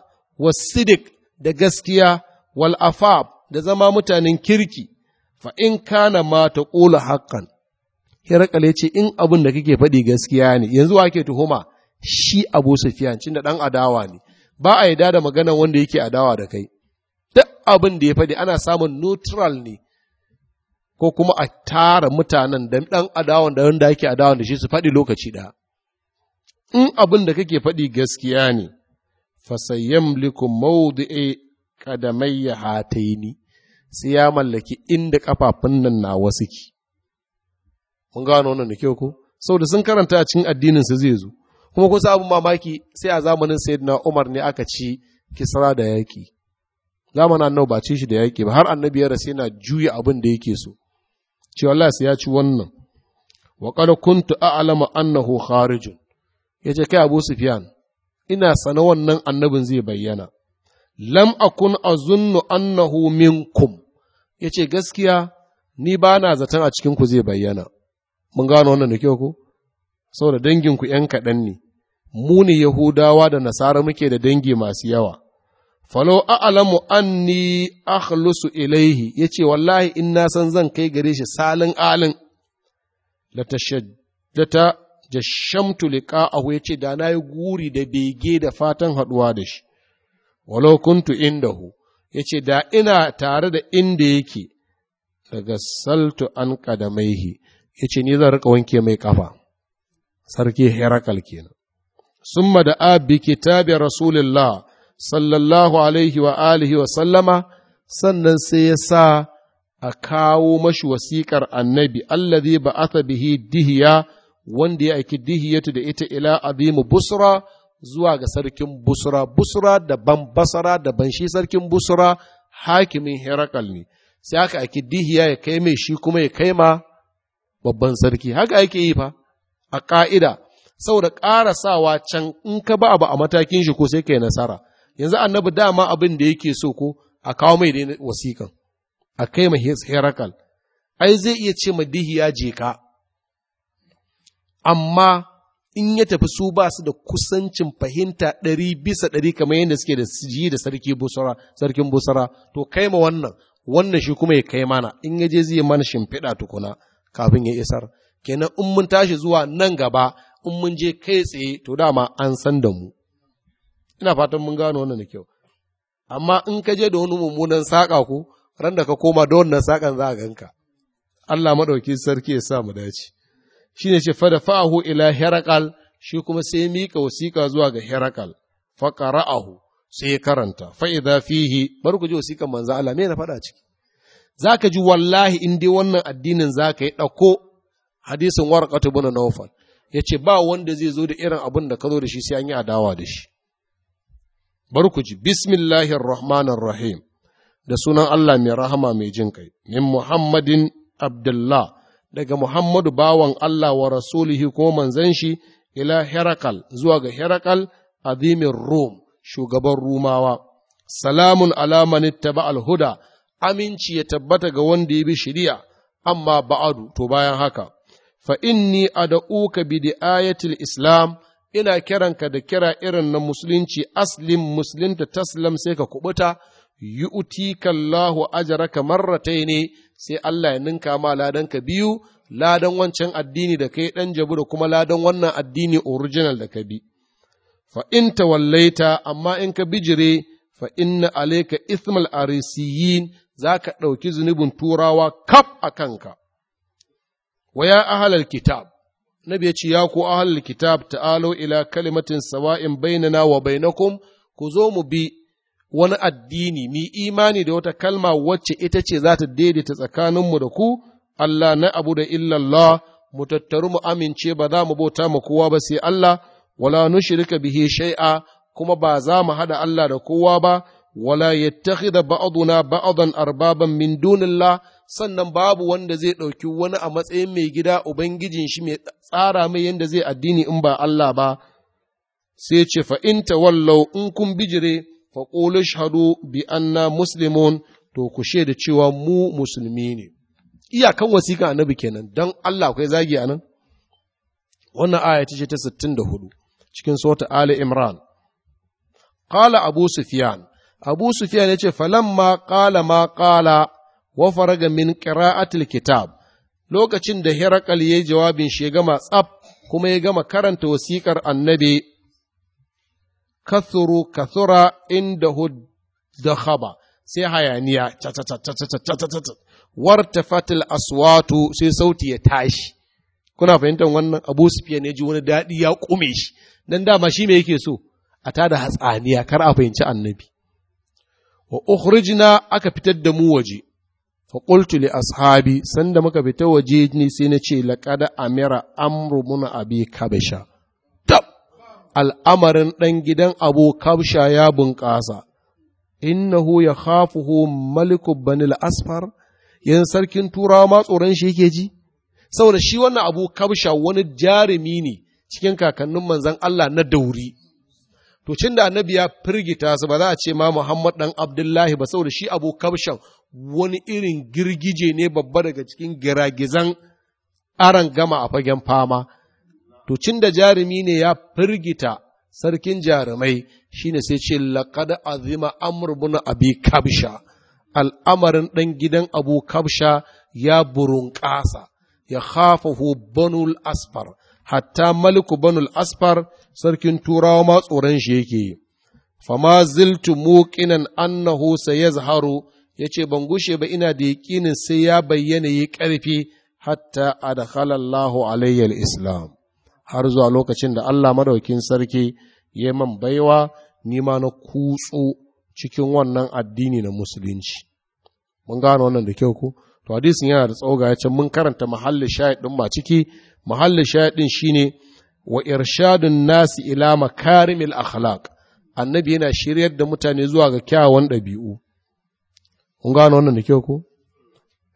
wa sidiq da gaskiya wal afab da zama mutanen kirki fa in kana ma taqulu haqqan Herakale ce in abin da kake faɗi gaskiya ne yanzu wake tuhuma shi Abu Sufyan cinda da dan adawa ne ba a yarda da maganar wanda yake adawa da kai duk abin da ya faɗi ana samun neutral ne ko kuma a tara mutanen da ɗan adawan da wanda yake adawan da shi su faɗi lokaci ɗaya in abin da kake faɗi gaskiya ne fasayyamliku mawdi'i qadamayya ni, sai ya mallaki inda kafafun nan na wasu ki mun gano wannan da kyau ko saboda sun karanta cikin addinin su zai zo kuma kusa abin mamaki sai a zamanin sayyidina Umar ne aka ci kisra da yaki zamanin annabi ba ce shi da yaƙi ba har annabi ya rasu yana juya abin da yake so ce wallahi sai ya ci wannan wa qad kuntu a'lamu annahu kharijun yace kai Abu Sufyan ina sana wannan annabin zai bayyana lam akun azunnu annahu minkum yace gaskiya ni ba na zaton a cikin ku zai bayyana mun gano wannan da kyau ko saboda danginku ‘yan kaɗan ne, mu ne Yahudawa da Nasara muke da dangi masu yawa, falo a'lamu anni akhlusu ilaihi yace wallahi in na san zan kai gare shi salin alin lata jashamtu ahu yace da nayi guri da bege da fatan haduwa da shi walau kuntu indahu yace da ina tare da inda yake daga saltu an yace ni zan rika wanke mai kafa sarki herakal kenan summa da abi kitabi rasulillah sallallahu alaihi wa alihi wa sallama sannan sai ya sa a kawo mashi wasiƙar annabi allazi ba'atha bihi dihiya wanda ya aiki dihiyatu da ita ila azimu busra zuwa ga sarkin busra busra daban basara daban shi sarkin busra hakimin herakal ne sai aka aiki dihiya ya kai mai shi kuma ya kai ma babban sarki haka ake yi fa a ƙa'ida saboda ƙarasawa can in ka ba abu a matakin shi ko sai ka yi nasara yanzu annabi dama abin da yake so ko a kawo mai da wasikan a kai ma herakal ai zai iya ce ya je ka amma in ya tafi su ba su da kusancin fahimta ɗari bisa ɗari kamar yadda suke da ji da sarki busara sarkin busara to kai ma wannan wannan shi kuma ya kai mana in ya je zai mana shimfiɗa tukuna kafin ya isar kenan in mun tashi zuwa nan gaba in mun je kai tsaye to dama an san da mu ina fatan mun gano wannan da kyau amma in ka je da wani mummunan saƙa ku ran da ka koma da wannan saƙan za a ganka Allah madauki sarki ya sa mu dace shine ce fa da fa'ahu ila herakal shi kuma sai mika wasiƙa zuwa ga herakal fa qara'ahu sai ya karanta fa idza fihi bar ku ji wasiƙan manzo Allah me na faɗa ciki zaka ji wallahi in dai wannan addinin zaka yi ɗauko hadisin warqatu bin nawfal yace ba wanda zai zo da irin abin da ka zo da shi sai an yi adawa da shi bar ku ji bismillahir rahmanir rahim da sunan Allah mai rahama mai jin kai min muhammadin abdullah daga muhammadu bawan Allah wa rasulihi ko manzan shi ila herakal zuwa ga herakal azimin rum shugaban rumawa salamun alamani al huda aminci ya tabbata ga wanda ya bi shari'a amma ba'adu to bayan haka fa inni ad'uka bi ayatil islam ina kiranka da kira irin na musulunci aslim musulunta taslam sai ka kubuta yu'ti kallahu ratai ne sai Allah ya ninka ma ladan ka biyu ladan wancan addini da kai dan jabu da kuma ladan wannan addini original da ka bi fa in tawallaita amma in ka bijire fa inna alayka ithmal arisiyin zaka ɗauki zunubin turawa kaf a kanka wa ya ahlal kitab nabi ya ce ya ku ahlul kitab ta'alu ila kalimatin sawa'in bainana wa bainakum ku zo mu bi wani addini mi imani da wata kalma wacce ita ce za ta daidaita tsakaninmu da ku Allah na abu da illallah mu tattaru mu amince ba za mu bauta ma kowa ba sai Allah wala nushrika bihi shai'a kuma ba za mu hada Allah da kowa ba wala yattakhidha ba'duna ba'dan arbaban min dunillah sannan babu wanda zai ɗauki wani a matsayin mai gida ubangijin shi mai tsara mai yadda zai addini in ba Allah ba sai ce fa in in kun bijire fa qulu shahadu bi anna muslimun to ku da cewa mu musulmi ne iyakan wasiƙa annabi kenan dan Allah akwai zagi anan wannan aya ce ta 64 cikin sota Ali Imran qala Abu Sufyan Abu sufiyan ya ce, falamma ƙala ma ƙala wa faraga min ƙira'atul kitab, lokacin da Herakal ya yi jawabin shi ya gama tsaf kuma ya gama karanta wasiƙar annabi, kathuru kathura inda da haba sai hayaniya, wartafatil aswatu sai sauti ya tashi. Kuna fahimtar wannan Abu Sufyan ya ji wani daɗi ya ƙume shi, don dama shi me yake so, a tada hatsaniya kar a fahimci annabi. wa ukhrijna aka fitar da mu waje fa qultu li ashabi sanda muka fita waje ne sai na ce laqad amira amru mun abi kabsha tab al'amarin dan gidan abu kabsha ya bunƙasa innahu yakhafuhu maliku banil asfar yan sarkin turawa ma tsoron shi yake ji saboda shi wannan abu kabsha wani jarumi ne cikin kakannin manzon Allah na dauri to cin da annabi ya firgita su ba za a ce ma Muhammad dan Abdullahi ba saboda shi Abu Kabshan wani irin girgije ne babba daga cikin giragizan aran gama a fagen fama to cin da jarumi ne ya firgita sarkin jarumai shine sai ce laqad azima amr ibn abi kabsha al'amarin ɗan gidan abu kabsha ya burunƙasa ya hafahu banul asfar hatta maliku banul asfar sarkin turawa ma tsoron shi yake yi fama ziltu muqinan annahu sayazharu yace ban gushe ba ina da yaƙinin sai ya bayyana yi ƙarfi hatta a adkhala halallahu alayya islam har zuwa lokacin da Allah madaukin sarki ya man baiwa ni ma na kutso cikin wannan addini na musulunci mun gano wannan da kyau ko to hadisin yana da ya ce mun karanta mahallin shahid ɗin ma ciki mahallin shahid ɗin shine wa irshadun nasi ila makarimil akhlaq annabi yana shiryar da mutane zuwa ga kyawawan ɗabi'u kun gano wannan da kyau ko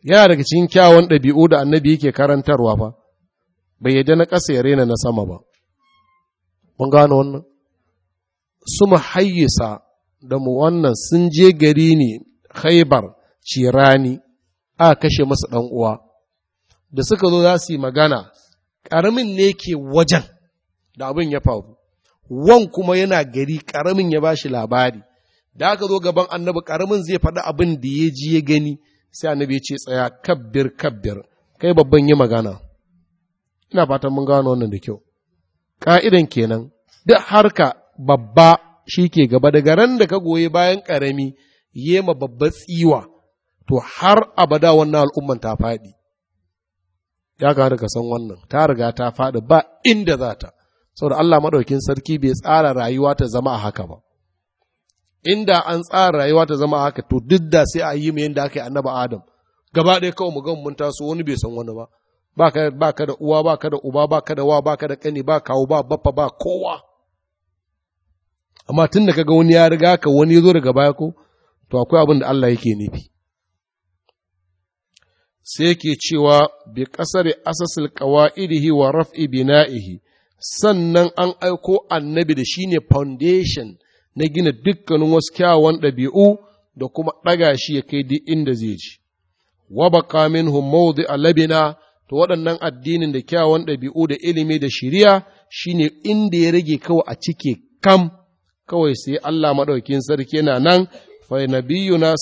yana daga cikin kyawawan ɗabi'u da annabi yake karantarwa fa bai yadda na kasa ya rena na sama ba kun gano wannan su muhayyisa da mu wannan sun je gari ne haibar cirani a kashe masa ɗan uwa da suka zo za su yi magana ƙaramin ne ke wajen da abin ya faru wan kuma yana gari karamin ya ba shi labari da aka zo gaban annabi karamin zai faɗi abin da ya ji ya gani sai annabi ya ce tsaya kabbir kabbir kai babban yi magana ina fatan mun gano wannan da kyau ka'idan kenan duk harka babba shi ke gaba daga ran da ka goyi bayan karami ma babba tsiwa to har abada wannan al'umman ta faɗi ya ka san wannan ta riga ta faɗi ba inda za ta saboda Allah maɗaukin sarki bai tsara rayuwa ta zama a haka ba inda an tsara rayuwa ta zama a haka to duk da sai a yi mu yadda aka yi annaba Adam gaba ɗaya kawai mu ga mun taso wani bai san wani ba baka baka da uwa baka da uba baka da wa baka da kani ba kawo ba baffa ba kowa amma tun da kaga wani ya riga ka wani ya zo daga baya ko to akwai abin da Allah yake nufi sai yake cewa bi kasari asasil qawaidihi wa raf'i bina'ihi sannan an aiko annabi da shi ne foundation na gina dukkanin wasu kyawawan ɗabi'u da kuma ɗaga shi ya kai duk inda zai ji. Wabaka min a labina to waɗannan addinin da kyawawan ɗabi'u da ilimi da shiriya shi ne inda ya rage kawai a cike kam kawai sai Allah maɗaukin sarki yana nan fai na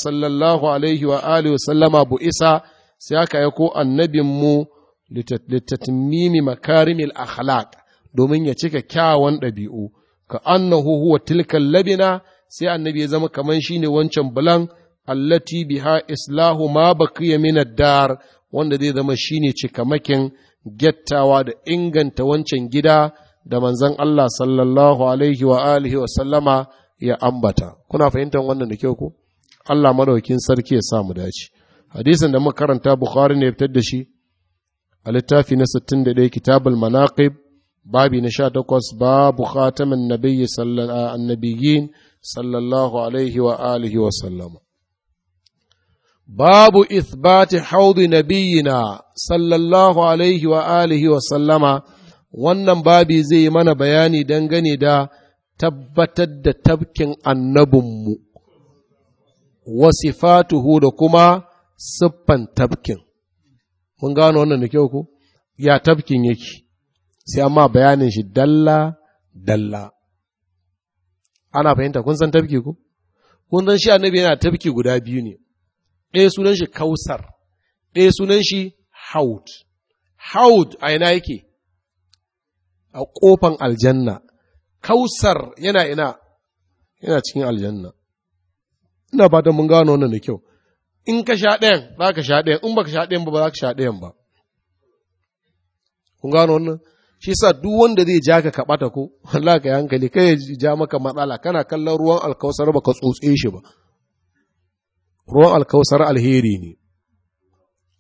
sallallahu alaihi wa alihi wa sallama bu isa sai aka yi ko annabinmu litatmimi makarimil akhlaq domin ya cika kyawan ɗabi'u ka annahu huwa tilkan labina sai annabi ya zama kaman ne wancan bulan allati biha islahu ma baqiya min dar wanda zai zama shi shine cikamakin gettawa da inganta wancan gida da manzon Allah sallallahu alaihi wa alihi wa sallama ya ambata kuna fahimtar wannan da kyau ko Allah madaukin sarki ya samu dace hadisin da muka karanta Bukhari ne ya fitar da shi a littafi na 61 Kitabul Manaqib babi na sha takwas babu khatamin nabiyyi annabiyyin sallallahu alaihi wa alihi wa sallama babu ithbati haudi nabiyyina sallallahu alaihi wa alihi wa sallama wannan babi zai yi mana bayani dangane da tabbatar da tabkin annabinmu wasifatuhu da kuma siffan tabkin mun gano wannan da kyau ko ya tabkin yake sai amma bayanin shi dalla dalla ana fahimta kun san tafki ko kun san shi annabi yana tafki guda biyu ne ɗaya sunan shi kausar ɗaya sunan shi haud haud a ina yake a ƙofan aljanna kausar yana ina yana cikin aljanna ina fatan mun gano wannan da kyau in ka sha ɗayan za ka sha ɗayan in baka sha ɗayan ba ba za ka sha ɗayan ba kun gano wannan shi sa duk wanda zai ja ka kaɓata ko <laughs> Allah ka yi hankali kai ya ja maka matsala kana kallon ruwan alkausar ba ka tsotse shi ba ruwan alkausar alheri ne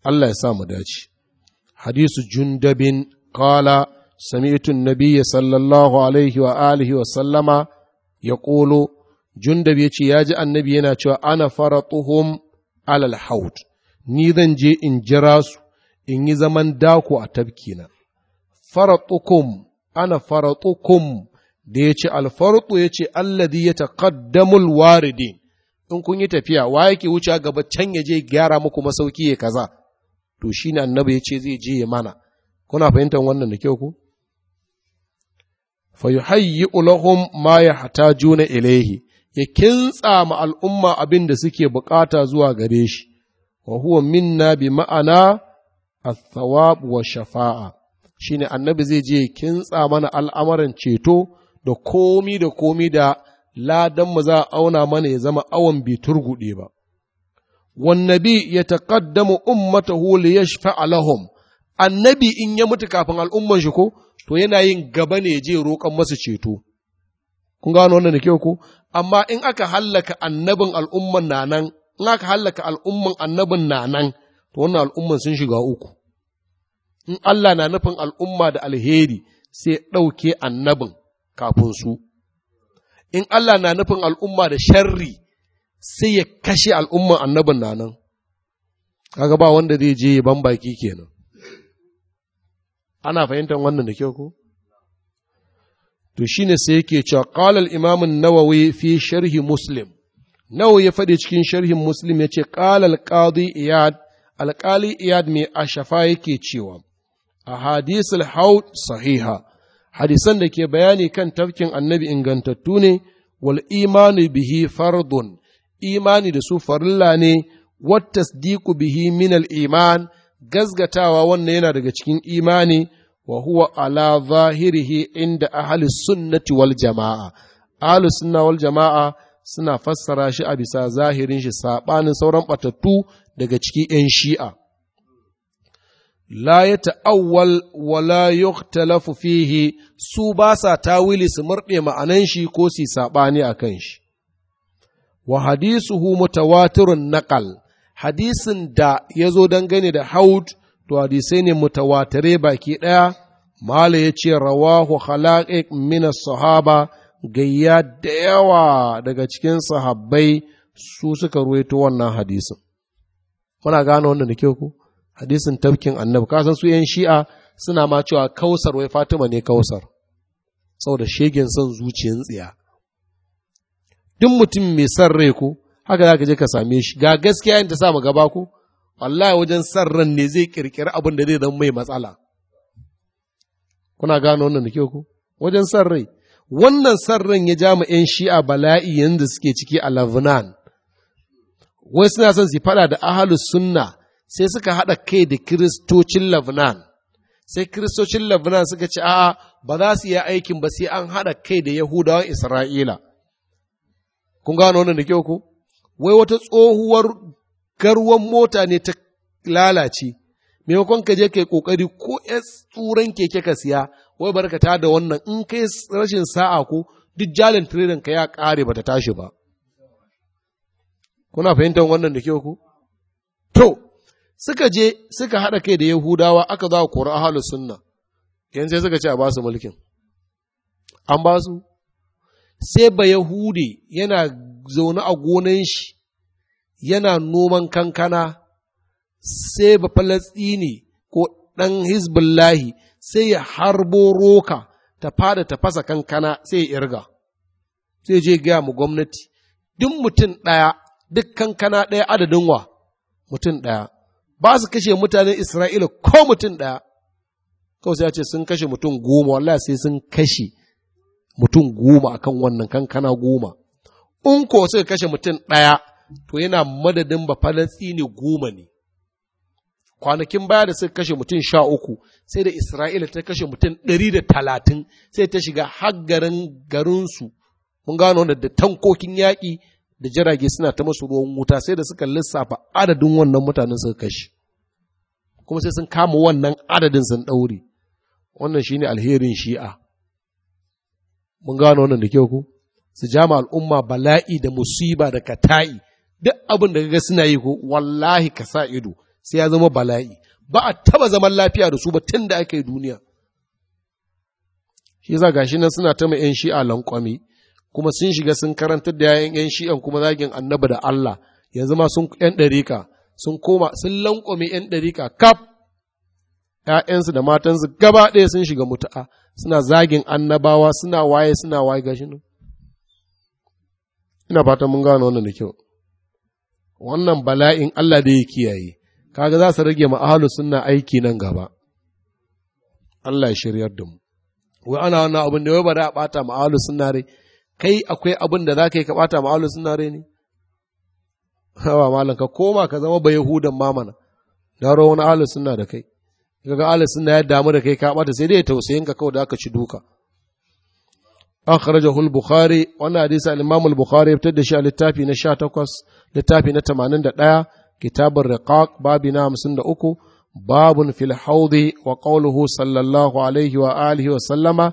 Allah ya sa mu dace hadisu jundabin qala sami'tu an-nabiyya sallallahu alaihi wa alihi wa sallama yaqulu jundab yace yaji annabi yana cewa ana faratuhum alal haut ni zan je in jira su in yi zaman dako a tafkina faratukum ana faratukum da ya ce alfarɗu ya ce alladhi ya taqaddamul waridin in kun yi tafiya wa yake wuce gaba can ya je gyara muku masauki ya kaza to shine annabi ya ce zai je ya mana kuna fahimtar wannan da kyau ku fa yuhayyi'u lahum ma juna ilayhi ya kintsa ma al'umma abin da suke bukata zuwa gare shi wa huwa minna bi ma'ana الثواب shafa'a. shine annabi zai je kintsa mana al'amarin ceto da komi da komi da ladan mu za a auna mana ya zama awon bai turguɗe ba wannabi ya ummata huli, ya yashfa'a alahum. annabi in ya mutu kafin al'umman shi ko to yana yin gaba ne je roƙon masu ceto kun gano wannan da kyau ko amma in aka hallaka annabin al'umman na nan in aka hallaka al'umman annabin na nan to wannan al'umman sun shiga uku in Allah na nufin al'umma da alheri sai ɗauke annabin kafin su, in Allah na nufin al'umma da sharri sai ya kashe al'umman annabin na nan, kaga ba wanda zai je ban baki kenan. Ana fahimtar wannan da kyau ko? To shi ne sai yake cewa ƙalal imamun nawawi fi sharhi Muslim, nawa ya faɗi cikin sharhin Muslim ya ce ƙalal ƙadi iyad, alƙali iyad mai a shafa yake cewa, a hadisul haud sahiha hadisan da ke bayani kan tafkin annabi ingantattu ne wal imanu bihi fardun imani da su farilla ne wat tasdiqu bihi min al iman gazgatawa wannan yana daga cikin imani wa huwa ala zahirihi inda ahli sunnati wal jama'a ahli sunna wal jama'a suna fassara shi a bisa zahirin shi saɓanin sauran ɓatattu daga cikin 'yan shi'a la ya ta'awwal wa la yuhtalafu fihi su ba sa tawili su murɗe ma'anan shi ko su saɓani a kan shi. Wa hadisuhu mutawatirun naƙal, hadisin da ya zo dangane da haud to hadisai ne mutawatire baki ɗaya, Mala ya ce rawahu min mina sahaba gayya da yawa daga cikin sahabbai su suka ruwaito wannan hadisin. Kuna gane wannan da kyau ku? hadisin tafkin annabi kasan su yan shi'a suna ma cewa kausar wai fatima ne kausar saboda shegen son zuciyan tsiya duk mutum mai san rai ko haka za ka je ka same shi ga gaskiya yin ta sa mu gaba ko wallahi wajen san ran ne zai kirkiri abin da zai zama mai matsala kuna gano wannan da ku wajen wannan ya ja mu yan shi'a bala'i yanzu suke ciki a Lebanon wai suna son su faɗa da ahalus sunna sai suka haɗa kai da kiristocin Lebanon. Sai kiristocin Lebanon suka ci a'a ba za su yi aikin ba sai an haɗa kai da Yahudawan Isra'ila. Kun gano wannan da kyau ku? Wai wata tsohuwar garwan mota ne ta lalace, maimakon ka je ka yi ƙoƙari ko ‘yan tsuran keke ka siya, wai barka ta da wannan in kai rashin sa'a ko duk jalin tiredan ka ya ƙare ba ta tashi ba. Kuna fahimtar wannan da kyau ku? To, suka je suka haɗa kai da Yahudawa aka za a kori ahalus sunna yanzu sai suka ce a ba su mulkin an ba su sai ba Yahudi yana zaune a gonan shi yana noman kankana sai ba Falastini ko ɗan Hizbullahi sai ya harbo roka ta fada ta fasa kankana sai ya irga sai je gaya mu gwamnati duk mutum ɗaya duk kankana ɗaya adadin wa mutum ɗaya ba su kashe mutanen Isra'ila ko mutum ɗaya, kawai sai ya ce sun kashe mutum goma, wallahi sai sun kashe mutum goma akan wannan kankana goma. In ko suka kashe mutum ɗaya, to yana madadin ba ne goma ne. Kwanakin baya da suka kashe mutum sha uku, sai da Isra'ila ta kashe mutum ɗari da talatin, sai ta shiga har garin garinsu, mun gano da tankokin yaƙi da jirage suna ta masu ruwan wuta sai da suka lissafa adadin wannan mutanen suka kashe kuma sai sun kama wannan adadin sun ɗaure wannan shi ne alherin shi'a mun gano wannan da kyau ku su jama al'umma bala'i da musiba da kata'i duk abin da ga suna yi ko wallahi ka sa ido sai ya zama bala'i ba a taba zaman lafiya da su ba tun da aka yi duniya shi za gashi nan suna ta mai 'yan shi'a lankwami kuma sun shiga sun karantar da yayan yan shi'an kuma zagin annabi da Allah yanzu ma sun yan ɗarika sun koma sun lankwame yan ɗarika kaf ‘ya'yansu da matansu gaba ɗaya sun shiga mutu'a suna zagin annabawa suna waye suna waye gashi nan ina fatan mun gano wannan da kyau wannan bala'in Allah da ya kiyaye kaga za su rage ma ahlus sunna aiki nan gaba Allah ya shiryar da mu wai ana wannan abin da wai ba a bata ma ahlus sunna rai kai akwai abin da za ka yi ka ɓata ma ahlus sunna reni? hawa malam ka koma ka zama ba yahudan mamana da rawar wani ahlus sunna da kai kaga ahlus sunna ya damu da kai ka ɓata sai dai tausayin ka kawai da aka ci duka akhrajahu al-bukhari wannan hadisi al-imam al-bukhari ya fitar da shi a littafi na takwas, littafi na 81 kitabur riqaq babi na 53 babun fil haudi wa qawluhu sallallahu alaihi wa alihi wa sallama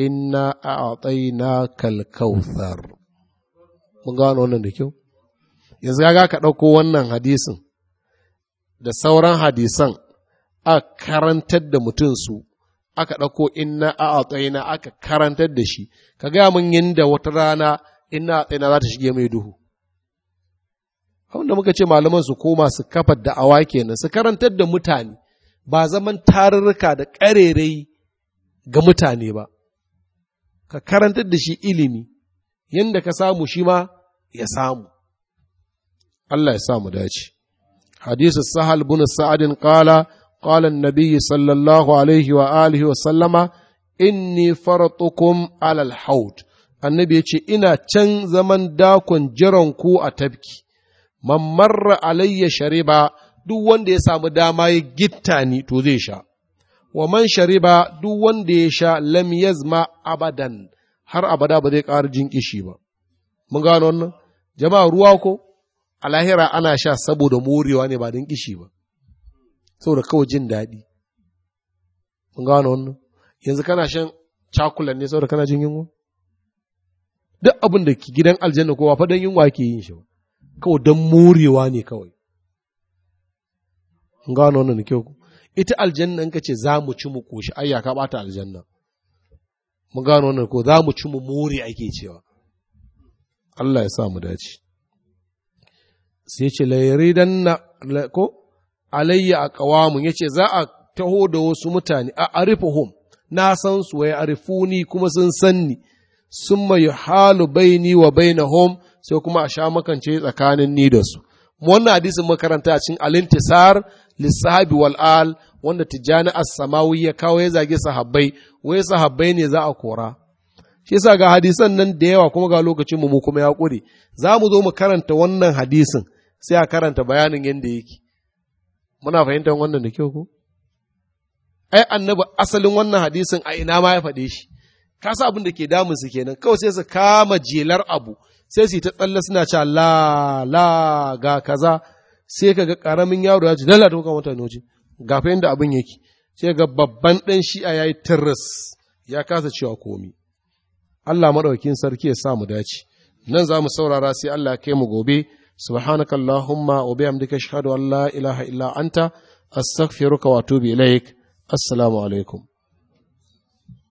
inna a'tayna kal kautsar mun gano wannan da kyau yanzu kaga ka ɗauko wannan hadisin da sauran hadisan a karantar da mutum su aka ɗauko inna a na aka karantar da shi ka gaya mun da wata rana inna a na za ta shige mai duhu abin muka ce malaman su koma su kafa awa kenan su karantar da mutane ba zaman tarurruka da ƙarerai ga mutane ba ka karantar da shi ilimi yadda ka samu shi ma ya samu Allah ya samu dace حديث السهل بن سعد قال قال النبي صلى الله عليه وآله وسلم إني فرطكم Alal haut. annabi ya ce ina can zaman dakon jiran ku a tafki man marra alayya shariba duk wanda ya samu dama ya gitta ni to zai sha wa man shariba duk wanda ya sha lam yazma abadan har abada ba zai ƙara jin kishi ba mun gano wannan jama'a ruwa ko a lahira ana sha saboda morewa ne ba don kishi ba saboda kawai jin daɗi mun gano wannan yanzu kana shan cakulan ne saboda kana jin yunwa duk abin da gidan aljanna kowa fa dan yunwa ke yin shi ba kawai don morewa ne kawai mun gano wannan da kyau ita aljanna in ka ce za mu ci mu ƙoshi ayya ka ɓata aljanna mun gano wannan ko za mu ci mu more ake cewa Allah ya sa mu dace sai ce lairidan na ko alayya a kawamun ya ce za a taho da wasu mutane a hom na san su wai arifuni kuma sun sanni sun mai halu baini wa hom sai kuma a sha makance tsakanin ni da su wannan hadisin makaranta cin alintisar lissahabi wal'al wanda tijjani a samawi ya kawo ya zage sahabbai wai sahabbai ne za a kora shi sa ga hadisan nan da yawa kuma ga lokacin mu kuma ya ƙuri, za mu zo mu karanta wannan hadisin sai a karanta bayanin yadda yake muna fahimtar wannan da kyau ko ai annabi asalin wannan hadisin a ina ma ya faɗe shi ka sa abin da ke damun su kenan kawai sai su kama jelar abu sai su yi ta tsalle suna cewa la la ga kaza sai ka ga karamin yaro ya ji lalata kuka wata waje ga fa yadda abin yake sai ga babban ɗan shi'a ya yi tirris ya kasa cewa komi Allah maɗaukin sarki ya sa mu dace nan za mu saurara sai Allah kai mu gobe subhanakallahumma wa bihamdika ashhadu an la ilaha illa anta astaghfiruka wa atubu ilaik assalamu alaikum